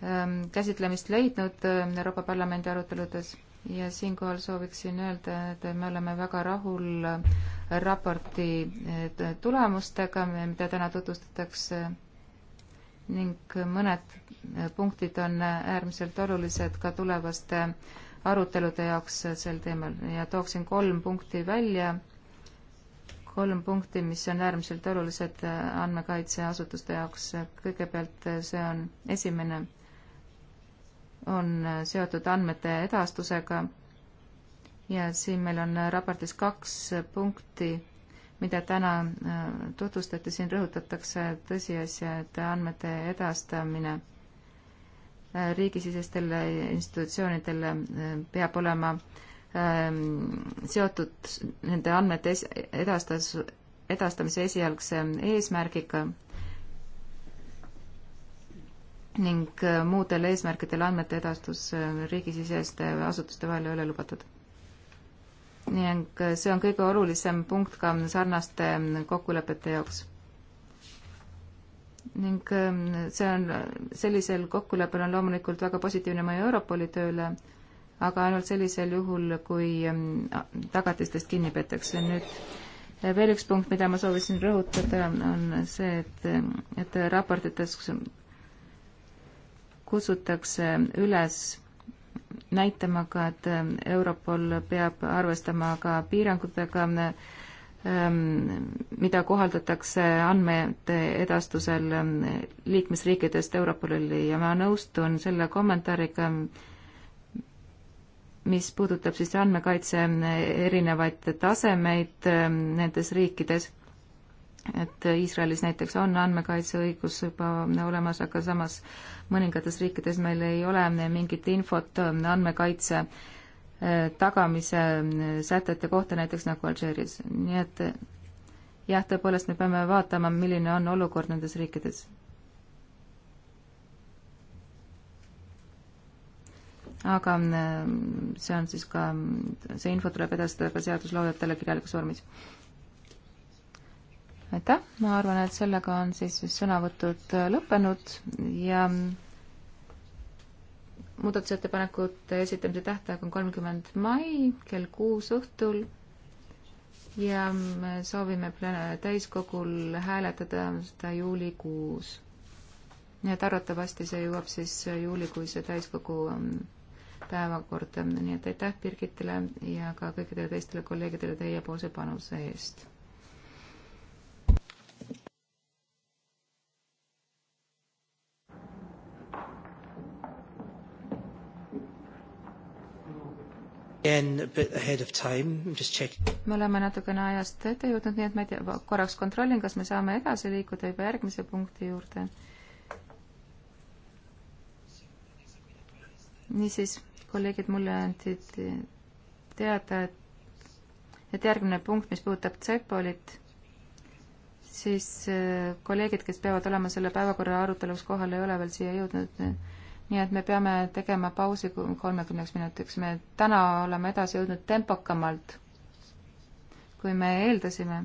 ähm, käsitlemist leidnud ähm, Euroopa Parlamendi aruteludes ja siinkohal sooviksin öelda, et me oleme väga rahul äh, raporti äh, tulemustega, mida täna tutvustatakse ning mõned punktid on äärmiselt olulised ka tulevaste arutelude jaoks sel teemal ja tooksin kolm punkti välja, kolm punkti, mis on äärmiselt olulised andmekaitseasutuste jaoks. kõigepealt see on, esimene on seotud andmete edastusega ja siin meil on raportis kaks punkti, mida täna äh, tutvustati, siin rõhutatakse tõsiasja, et andmete edastamine Äh, riigisisestel institutsioonidel äh, peab olema ähm, seotud nende andmete edastas, edastamise esialgse eesmärgiga ning äh, muudel eesmärkidel andmete edastus riigisiseste asutuste vahel ei ole lubatud. ning see on kõige olulisem punkt ka sarnaste ähm, kokkulepete jaoks ning ähm, see on, sellisel kokkuleppel on loomulikult väga positiivne mõju Europoli tööle, aga ainult sellisel juhul, kui ähm, tagatistest kinni peetakse. nüüd äh, veel üks punkt, mida ma soovisin rõhutada, on see, et, ähm, et raportites kutsutakse üles näitama ka, et Europol peab arvestama ka piirangutega, Ähm, mida kohaldatakse andmete edastusel ähm, liikmesriikidest Europolili ja ma nõustun selle kommentaariga, mis puudutab siis andmekaitse erinevaid tasemeid ähm, nendes riikides, et Iisraelis näiteks on andmekaitseõigus juba olemas, aga samas mõningates riikides meil ei ole mingit infot andmekaitse äh, tagamise sätete kohta, näiteks nagu Alžeerias. nii et jah, tõepoolest me peame vaatama, milline on olukord nendes riikides. aga mm, see on siis ka, see info tuleb edastada ka seadusloojatele kirjalikus vormis. aitäh, ma arvan, et sellega on siis sõnavõtud lõppenud ja mm, muudatusettepanekute esitamise tähtaeg on kolmkümmend mai kell kuus õhtul ja me soovime täiskogul hääletada seda juulikuus. nii et arvatavasti see jõuab siis juulikuise täiskogu ähm, päevakorda, nii et aitäh Birgitile ja ka kõikidele teistele kolleegidele teiepoolse panuse eest me oleme natukene ajast ette jõudnud, nii et ma ei tea, korraks kontrollin, kas me saame edasi liikuda juba järgmise punkti juurde. niisiis, kolleegid, mulle anti teada, et, et järgmine punkt, mis puudutab Tsepolit, siis äh, kolleegid, kes peavad olema selle päevakorra aruteluks kohal, ei ole veel siia jõudnud nii et me peame tegema pausi kolmekümneks minutiks. me täna oleme edasi jõudnud tempokamalt, kui me eeldasime.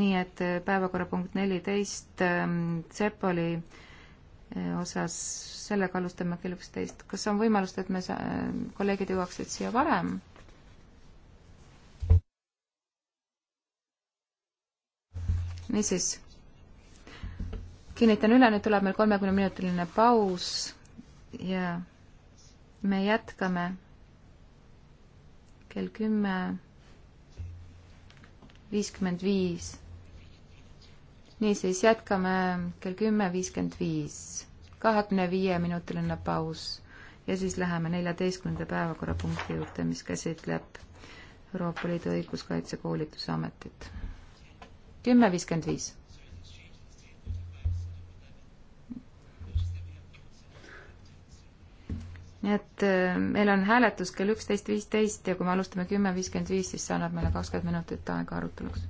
nii et eh, päevakorrapunkt neliteist ehm, Tsepoli eh, osas, sellega alustame kell üksteist. kas on võimalust, et me, eh, kolleegid jõuaksid siia varem? niisiis kinnitan üle, nüüd tuleb meil kolmekümneminutiline paus ja me jätkame kell kümme viiskümmend viis. niisiis, jätkame kell kümme viiskümmend viis, kahekümne viie minutiline paus ja siis läheme neljateistkümnenda päevakorrapunkti juurde, mis käsitleb Euroopa Liidu õiguskaitsekoolituse ametit. kümme viiskümmend viis nii et äh, meil on hääletus kell üksteist viisteist ja kui me alustame kümme viiskümmend viis, siis see annab meile kakskümmend minutit aega aruteluks.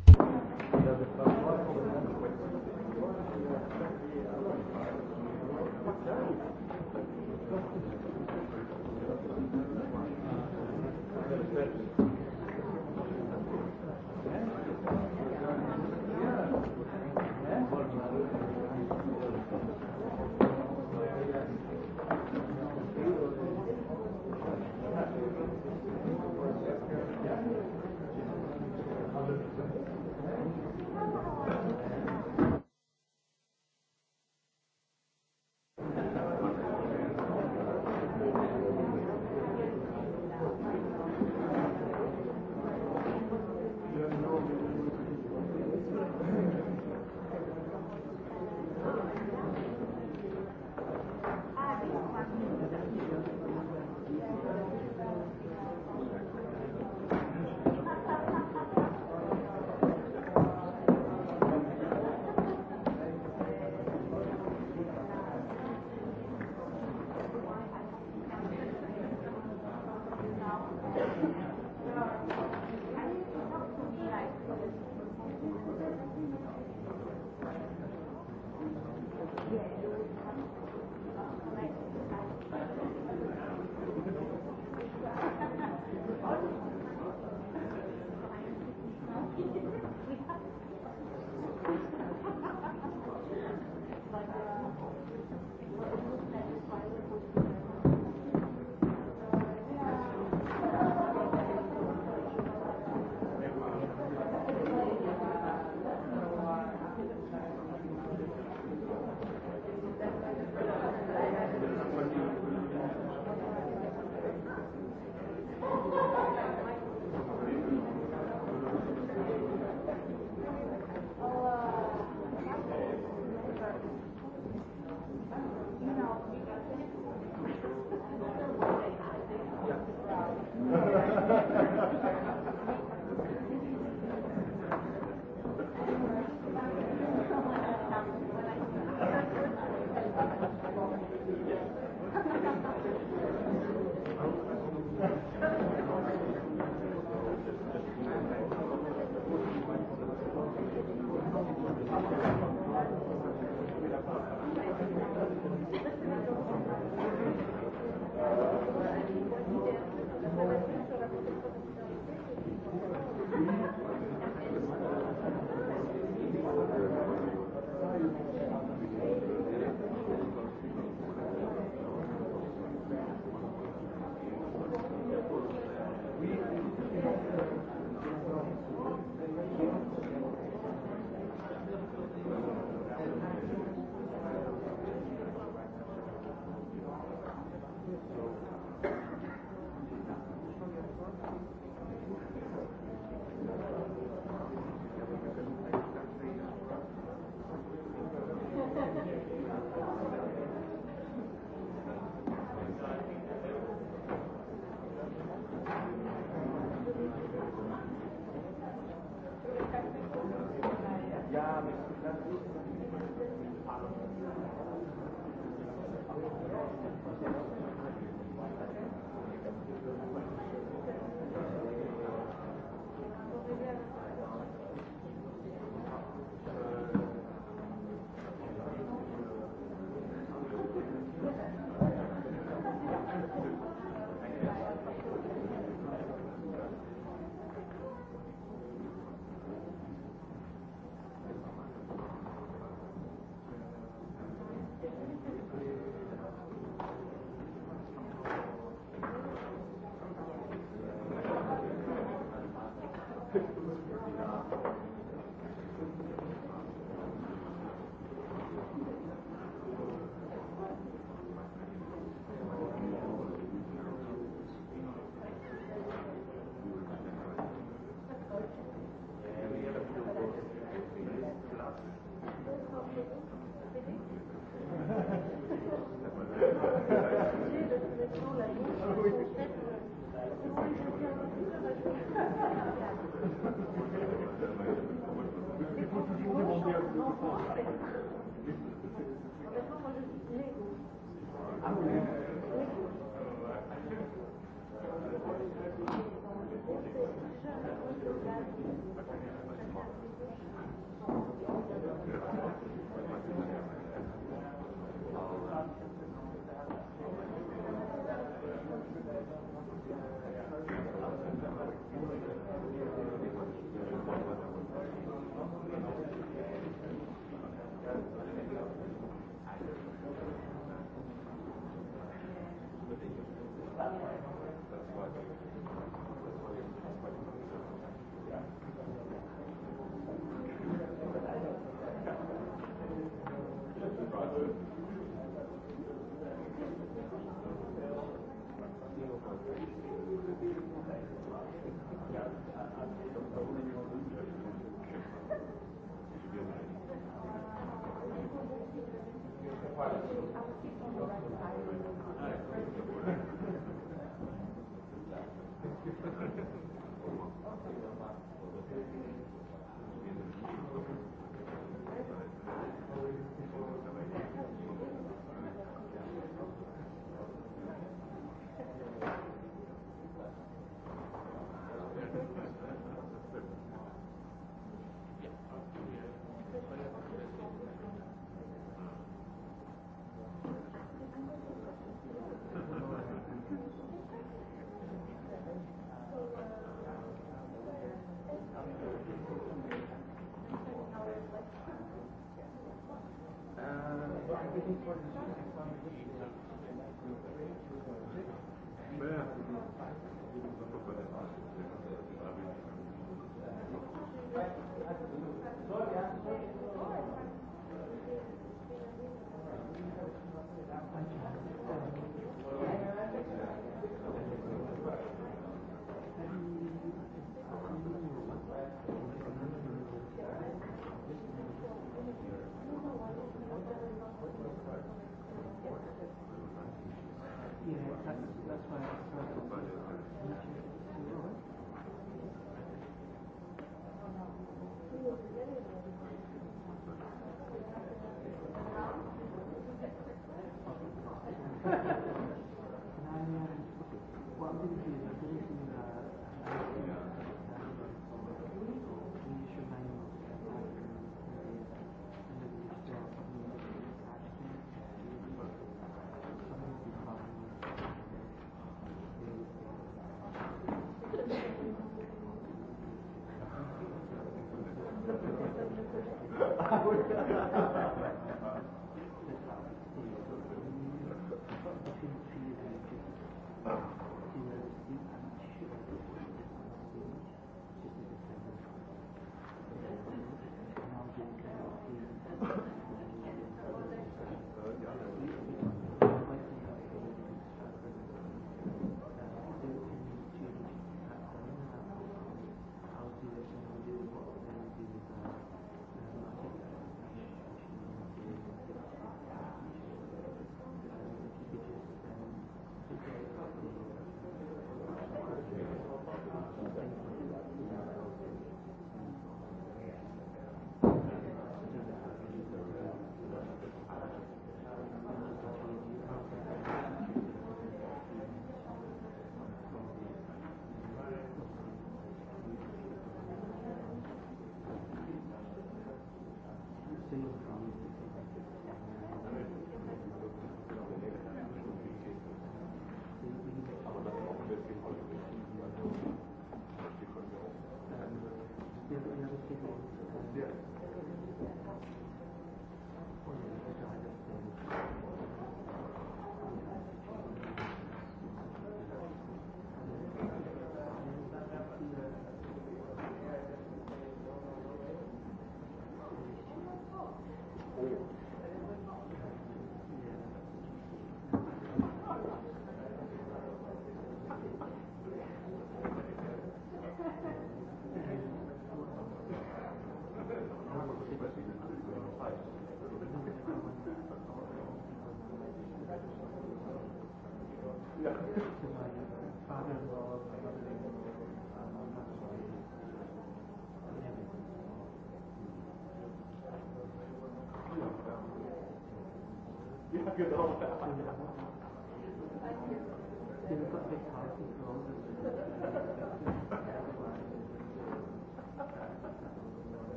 Thank you.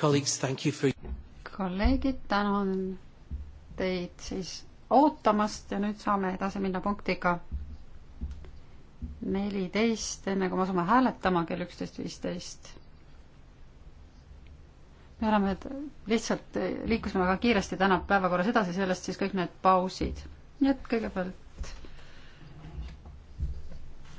kolleegid, tänan teid siis ootamast ja nüüd saame edasi minna punktiga neliteist, enne kui me asume hääletama kell üksteist viisteist. me oleme lihtsalt, liikusime väga kiiresti täna päevakorras edasi, sellest siis kõik need pausid. nii et kõigepealt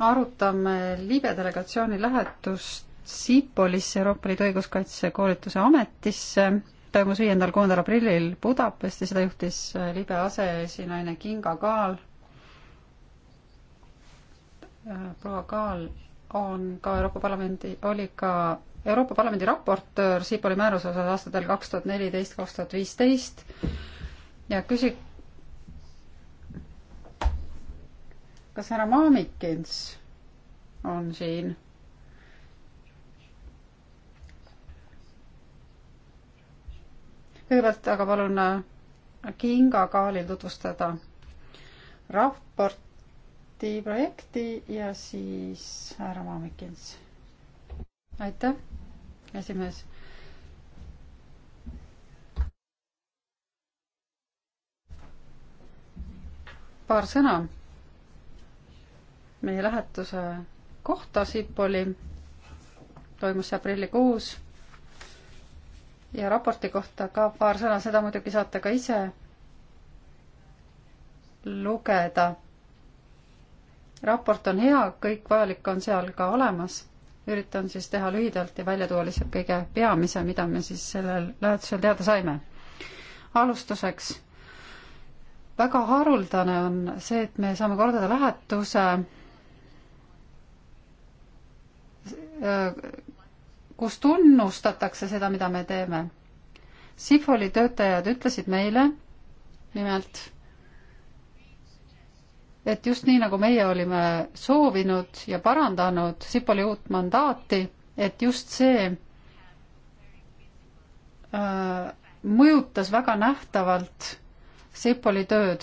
arutame Liibe delegatsiooni lähetust Sipolisse, Euroopa Liidu õiguskaitsekoolituse ametisse, toimus viiendal, kuuendal aprillil Budapesti, seda juhtis äh, libe aseesinaine Kinga Kaal. Äh, proua Kaal on ka Euroopa Parlamendi, oli ka Euroopa Parlamendi raportöör Siipoli määruse osas aastatel kaks tuhat neliteist, kaks tuhat viisteist ja küsi-, kas härra Maamikins on siin? kõigepealt aga palun äh, Kinga Kaalil tutvustada raporti projekti ja siis härra Maamikins. aitäh, esimees. paar sõna meie lähetuse kohta Siipoli toimus see aprillikuus ja raporti kohta ka paar sõna, seda muidugi saate ka ise lugeda. raport on hea, kõik vajalik on seal ka olemas. üritan siis teha lühidalt ja välja tuua lihtsalt kõige peamise, mida me siis sellel lähetusel teada saime. alustuseks, väga haruldane on see, et me saame korraldada lähetuse kus tunnustatakse seda, mida me teeme. Sifoli töötajad ütlesid meile nimelt, et just nii, nagu meie olime soovinud ja parandanud Sipoli uut mandaati, et just see äh, mõjutas väga nähtavalt Sipoli tööd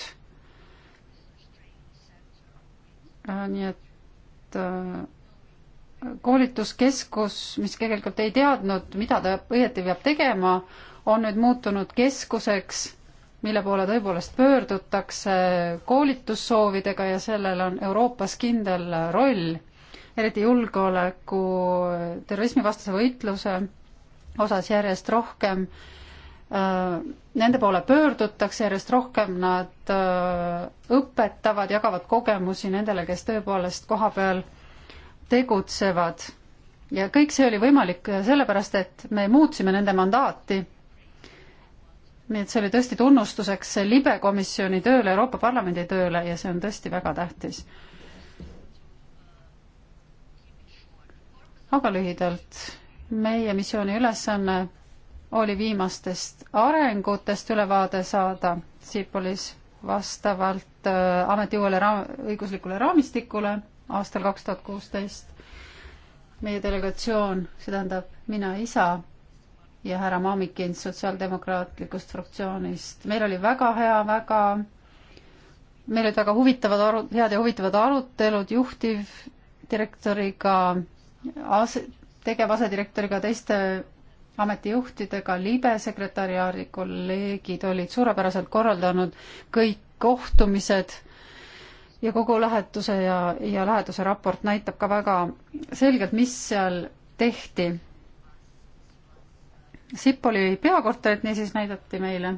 äh,. nii et äh, koolituskeskus, mis tegelikult ei teadnud, mida ta õieti peab tegema, on nüüd muutunud keskuseks, mille poole tõepoolest pöördutakse koolitussoovidega ja sellel on Euroopas kindel roll, eriti julgeoleku, terrorismivastase võitluse osas järjest rohkem äh, nende poole pöördutakse, järjest rohkem nad äh, õpetavad, jagavad kogemusi nendele, kes tõepoolest koha peal tegutsevad. ja kõik see oli võimalik sellepärast, et me muutsime nende mandaati. nii et see oli tõesti tunnustuseks libe komisjoni tööle, Euroopa Parlamendi tööle ja see on tõesti väga tähtis. aga lühidalt, meie missiooni ülesanne oli viimastest arengutest ülevaade saada Siipolis vastavalt äh, ameti uuele raam, õiguslikule raamistikule aastal kaks tuhat kuusteist. meie delegatsioon, see tähendab mina isa ja härra Maamikin Sotsiaaldemokraatlikust fraktsioonist, meil oli väga hea, väga, meil olid väga huvitavad aru-, head ja huvitavad arutelud juhtivdirektoriga, ase-, tegevasedirektoriga, teiste ametijuhtidega, libe sekretäriaadi kolleegid olid suurepäraselt korraldanud kõik kohtumised ja kogu lähetuse ja, ja lähetuse raport näitab ka väga selgelt, mis seal tehti. SIP oli peakorterid, niisiis näidati meile.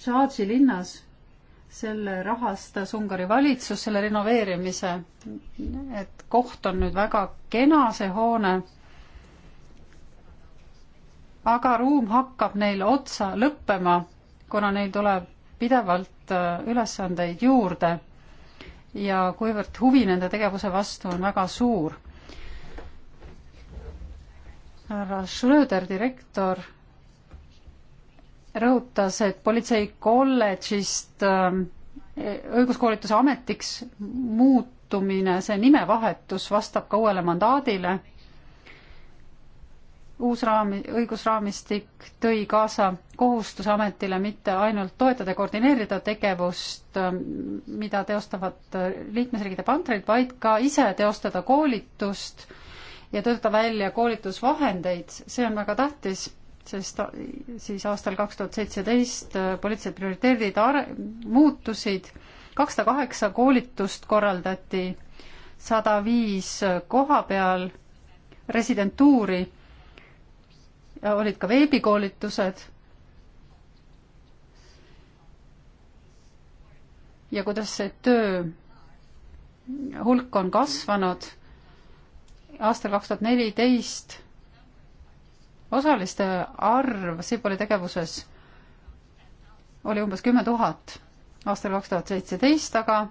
Tšaadži linnas selle rahastas Ungari valitsus, selle renoveerimise. et koht on nüüd väga kena, see hoone. aga ruum hakkab neil otsa lõppema kuna neil tuleb pidevalt äh, ülesandeid juurde ja kuivõrd huvi nende tegevuse vastu on väga suur. härra Schröder, direktor, rõhutas, et politseikolledžist ähm, e-, õiguskoolituse ametiks muutumine, see nimevahetus vastab ka uuele mandaadile uus raami, õigusraamistik tõi kaasa kohustuse ametile mitte ainult toetada ja koordineerida tegevust, ähm, mida teostavad äh, liikmesriigide pantrid, vaid ka ise teostada koolitust ja töötada välja koolitusvahendeid, see on väga tähtis, sest äh, siis aastal kaks tuhat seitseteist äh, poliitilised prioriteedid are-, muutusid, kakssada kaheksa koolitust korraldati, sada viis koha peal residentuuri olid ka veebikoolitused. ja kuidas see töö hulk on kasvanud. aastal kaks tuhat neliteist osaliste arv Sipoli tegevuses oli umbes kümme tuhat. aastal kaks tuhat seitseteist aga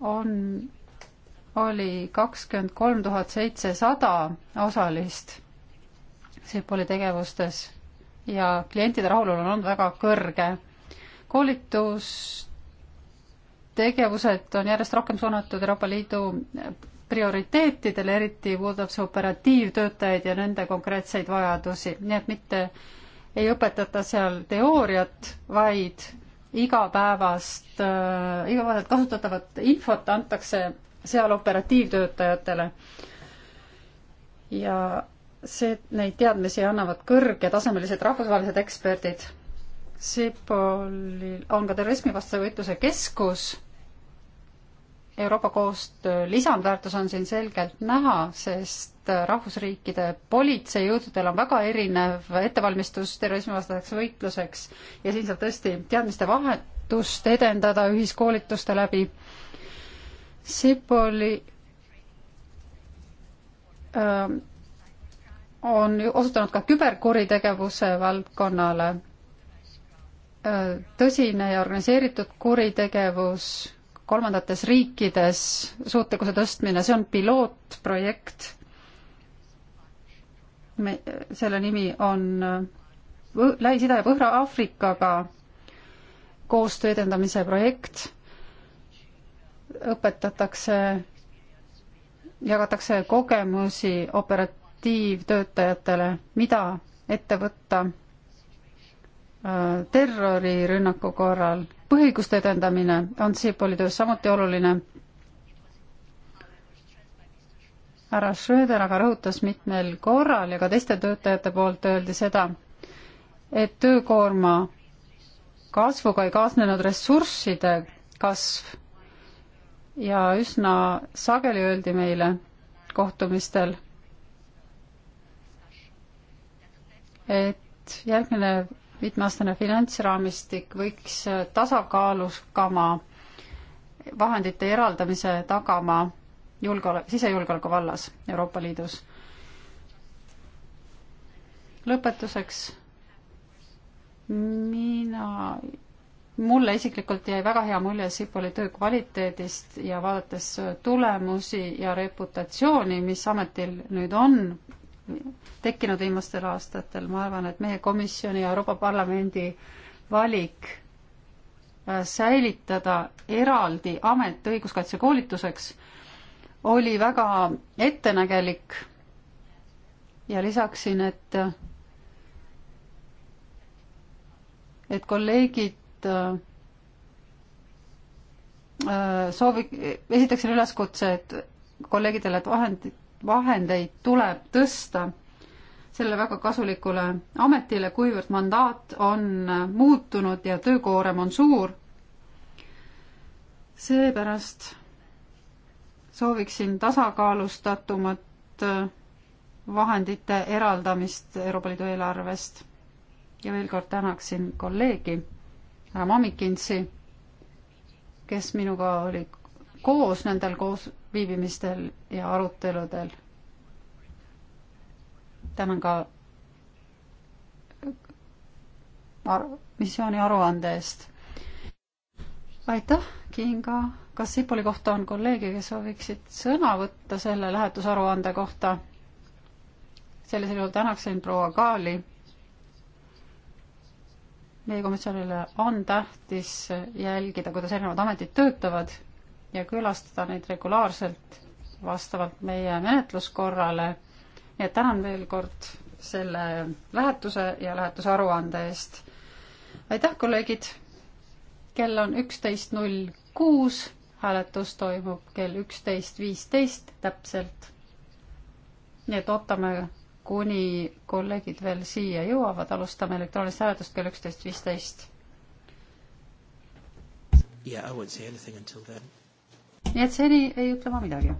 on, oli kakskümmend kolm tuhat seitsesada osalist Sepoli tegevustes ja klientide rahulolu on olnud väga kõrge. koolitustegevused on järjest rohkem suunatud Euroopa Liidu prioriteetidele, eriti puudutab see operatiivtöötajaid ja nende konkreetseid vajadusi, nii et mitte ei õpetata seal teooriat, vaid igapäevast äh,, igapäevaselt kasutatavat infot antakse seal operatiivtöötajatele. ja see, neid teadmisi annavad kõrgetasemelised rahvusvahelised eksperdid. Sepolil on ka terrorismivastase võitluse keskus. Euroopa koostöö lisandväärtus on siin selgelt näha, sest rahvusriikide politseijõududel on väga erinev ettevalmistus terrorismivastaseks võitluseks ja siin saab tõesti teadmiste vahetust edendada ühiskoolituste läbi. Sepoli öö, ähm, on osutanud ka küberkuritegevuse valdkonnale. tõsine ja organiseeritud kuritegevus kolmandates riikides, suutlikkuse tõstmine, see on pilootprojekt. me, selle nimi on Lähis-Ida ja Põhra-Aafrikaga koostöö edendamise projekt. õpetatakse jagatakse kogemusi opera-, alternatiiv töötajatele, mida ette võtta äh, terrorirünnaku korral. põhiõiguste edendamine on Siipoli töös samuti oluline. härra Schröder aga rõhutas mitmel korral ja ka teiste töötajate poolt öeldi seda, et töökoorma kasvuga ei kaasnenud ressursside kasv ja üsna sageli öeldi meile kohtumistel et järgmine mitmeaastane finantsraamistik võiks tasakaaluskama vahendite eraldamise tagama julgeolek, sisejulgeoleku vallas Euroopa Liidus. lõpetuseks mina, mulle isiklikult jäi väga hea mulje Sipoli töö kvaliteedist ja vaadates tulemusi ja reputatsiooni, mis ametil nüüd on tekkinud viimastel aastatel, ma arvan, et meie komisjoni ja Euroopa Parlamendi valik äh, säilitada eraldi amet õiguskaitsekoolituseks oli väga ettenägelik ja lisaksin, et äh, et kolleegid äh, soovi, esitaksin üleskutse, et kolleegidele, et vahendid, vahendeid tuleb tõsta selle väga kasulikule ametile, kuivõrd mandaat on muutunud ja töökoorem on suur. seepärast sooviksin tasakaalustatumat vahendite eraldamist Euroopa Liidu eelarvest. ja veel kord tänaksin kolleegi härra Mamikinsi, kes minuga oli koos nendel koos viibimistel ja aruteludel. tänan ka ar missiooni aruande eest. aitäh, Kinga. kas Sipuli kohta on kolleege, kes sooviksid sõna võtta selle lähetusaruande kohta? sellisel juhul tänaksin proua Kaali. meie komisjonile on tähtis jälgida, kuidas erinevad ametid töötavad ja külastada neid regulaarselt vastavalt meie menetluskorrale. nii et tänan veel kord selle lähetuse ja lähetuse aruande eest. aitäh, kolleegid. kell on üksteist null kuus, hääletus toimub kell üksteist viisteist täpselt. nii et ootame, kuni kolleegid veel siia jõuavad, alustame elektroonilist hääletust kell üksteist viisteist. Yeah, I won't say anything until then nii et seni ei ütle ma midagi.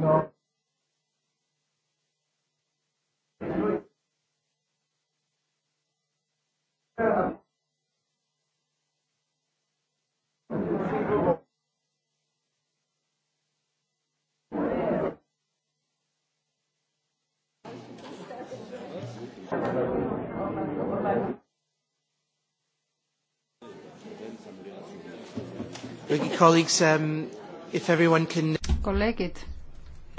No. Um, kolleegid,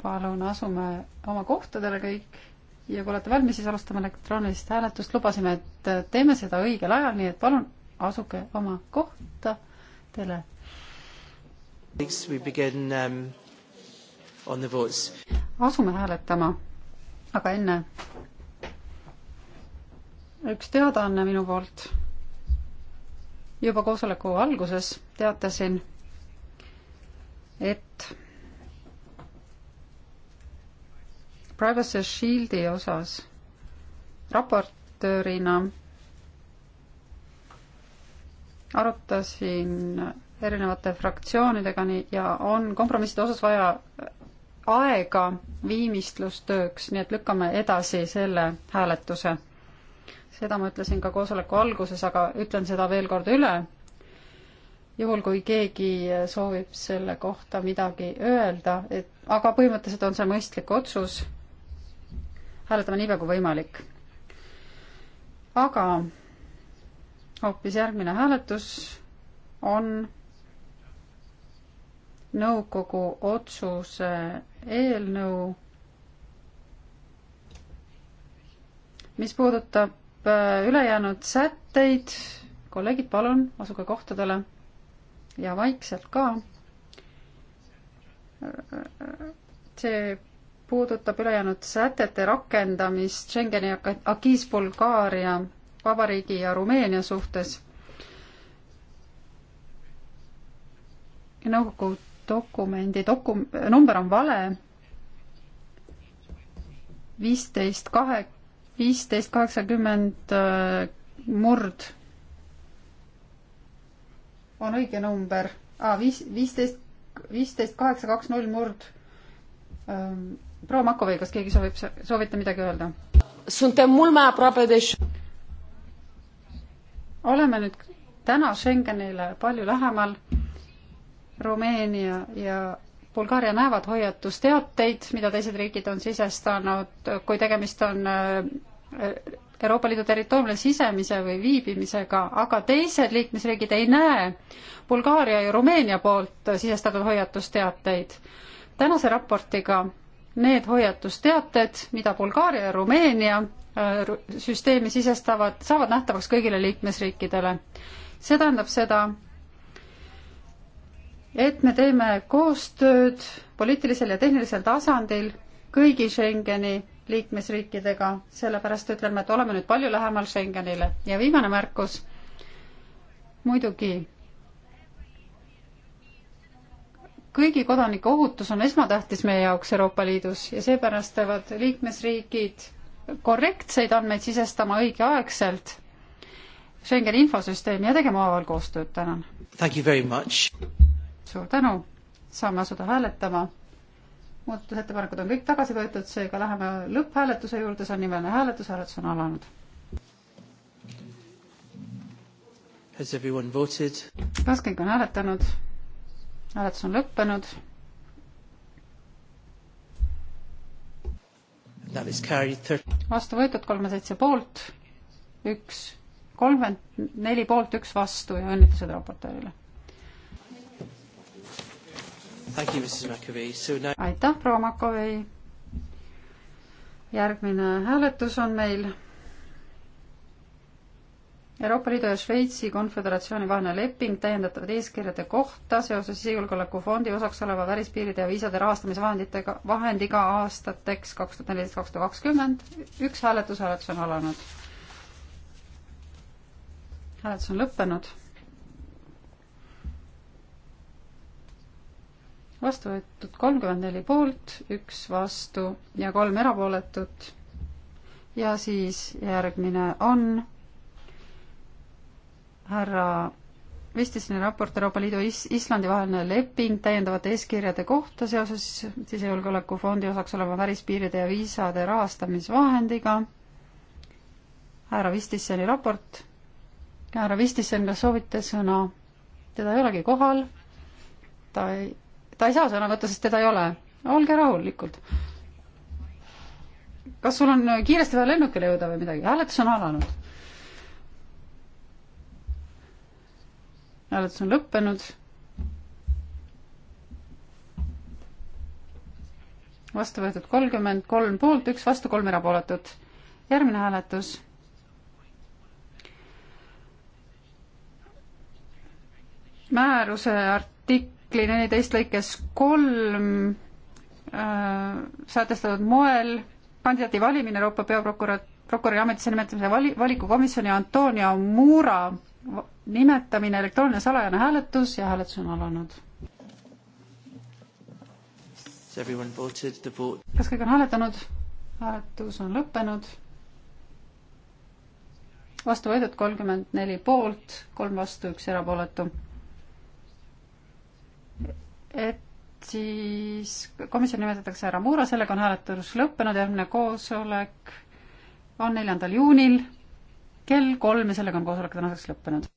palun asume oma kohtadele kõik ja kui olete valmis, siis alustame elektroonilist hääletust. lubasime, et teeme seda õigel ajal, nii et palun asuge oma kohtadele. Um, asume hääletama, aga enne üks teadaanne minu poolt. juba koosoleku alguses teatasin, et Privacy Shieldi osas raportöörina arutasin erinevate fraktsioonidega nii ja on kompromisside osas vaja aega viimistlustööks, nii et lükkame edasi selle hääletuse. seda ma ütlesin ka koosoleku alguses, aga ütlen seda veel kord üle juhul, kui keegi soovib selle kohta midagi öelda, et aga põhimõtteliselt on see mõistlik otsus, hääletame niipea kui võimalik. aga hoopis järgmine hääletus on nõukogu otsuse eelnõu, mis puudutab äh, ülejäänud sätteid, kolleegid, palun asuge kohtadele ja vaikselt ka. see puudutab ülejäänud sätete rakendamist Schengeni akiis Bulgaaria vabariigi ja Rumeenia suhtes. nõukogu dokumendi dokum-, number on vale, viisteist kahe, viisteist kaheksakümmend äh, murd on õige number ah,. viis, viisteist, viisteist kaheksa kaks null murd. Ähm, proua Makovei, kas keegi soovib, soovite midagi öelda? oleme nüüd täna Schengenile palju lähemal. Rumeenia ja Bulgaaria näevad hoiatusteateid, mida teised riigid on sisestanud, kui tegemist on äh, Euroopa Liidu territooriumil sisemise või viibimisega, aga teised liikmesriigid ei näe Bulgaaria ja Rumeenia poolt sisestatud hoiatusteateid. tänase raportiga need hoiatusteated, mida Bulgaaria ja Rumeenia äh, süsteemi sisestavad, saavad nähtavaks kõigile liikmesriikidele. see tähendab seda, et me teeme koostööd poliitilisel ja tehnilisel tasandil kõigi Schengeni liikmesriikidega, sellepärast ütleme, et oleme nüüd palju lähemal Schengenile ja viimane märkus, muidugi kõigi kodanike ohutus on esmatähtis meie jaoks Euroopa Liidus ja seepärast peavad liikmesriigid korrektseid andmeid sisestama õigeaegselt Schengeni infosüsteemi ja tegema omavahel koostööd, tänan. suur tänu, saame asuda hääletama muudatusettepanekud on kõik tagasi võetud, seega läheme lõpphääletuse juurde, see on nimeline hääletus, hääletus on alanud. kas kõik on hääletanud? hääletus on lõppenud. vastu võetud kolmkümmend seitse poolt, üks, kolmkümmend neli poolt, üks vastu ja õnnitlused raportöörile Now... aitäh, proua Makovei. järgmine hääletus on meil Euroopa Liidu ja Šveitsi Konföderatsiooni vaheline leping täiendatavad eeskirjade kohta seoses sisejulgeolekufondi osaks oleva välispiiride ja viisade rahastamisvahenditega, vahendiga aastateks kaks tuhat neliteist, kaks tuhat kakskümmend. üks hääletus, hääletus on alanud. hääletus on lõppenud vastu võetud kolmkümmend neli poolt, üks vastu ja kolm erapooletut. ja siis järgmine on härra Vestiseni raport Euroopa Liidu is-, Islandi vaheline leping täiendavate eeskirjade kohta seoses sisejulgeolekufondi osaks oleva välispiiride ja viisade rahastamisvahendiga. härra Vestiseni raport. härra Vestisen, kas soovite sõna? teda ei olegi kohal. ta ei, ta ei saa sõna võtta, sest teda ei ole. olge rahulikud. kas sul on kiiresti vaja lennukile jõuda või midagi? hääletus on alanud. hääletus on lõppenud. vastu võetud kolmkümmend kolm poolt, üks vastu, kolm erapooletut. järgmine hääletus määruse artik-, artikli neliteist lõikes kolm äh, sätestatud moel kandidaadi valimine Euroopa peaprokurat-, prokuröri ametisse nimetamise vali-, valikukomisjoni Antonio Mura nimetamine, elektrooniline salajane hääletus ja hääletus on alanud. kas kõik on hääletanud? hääletus on lõppenud. vastu võetud kolmkümmend neli poolt, kolm vastu, üks erapooletu et siis komisjon nimetatakse härra Muura, sellega on hääletus lõppenud, järgmine koosolek on neljandal juunil kell kolm ja sellega on koosolek tänaseks lõppenud.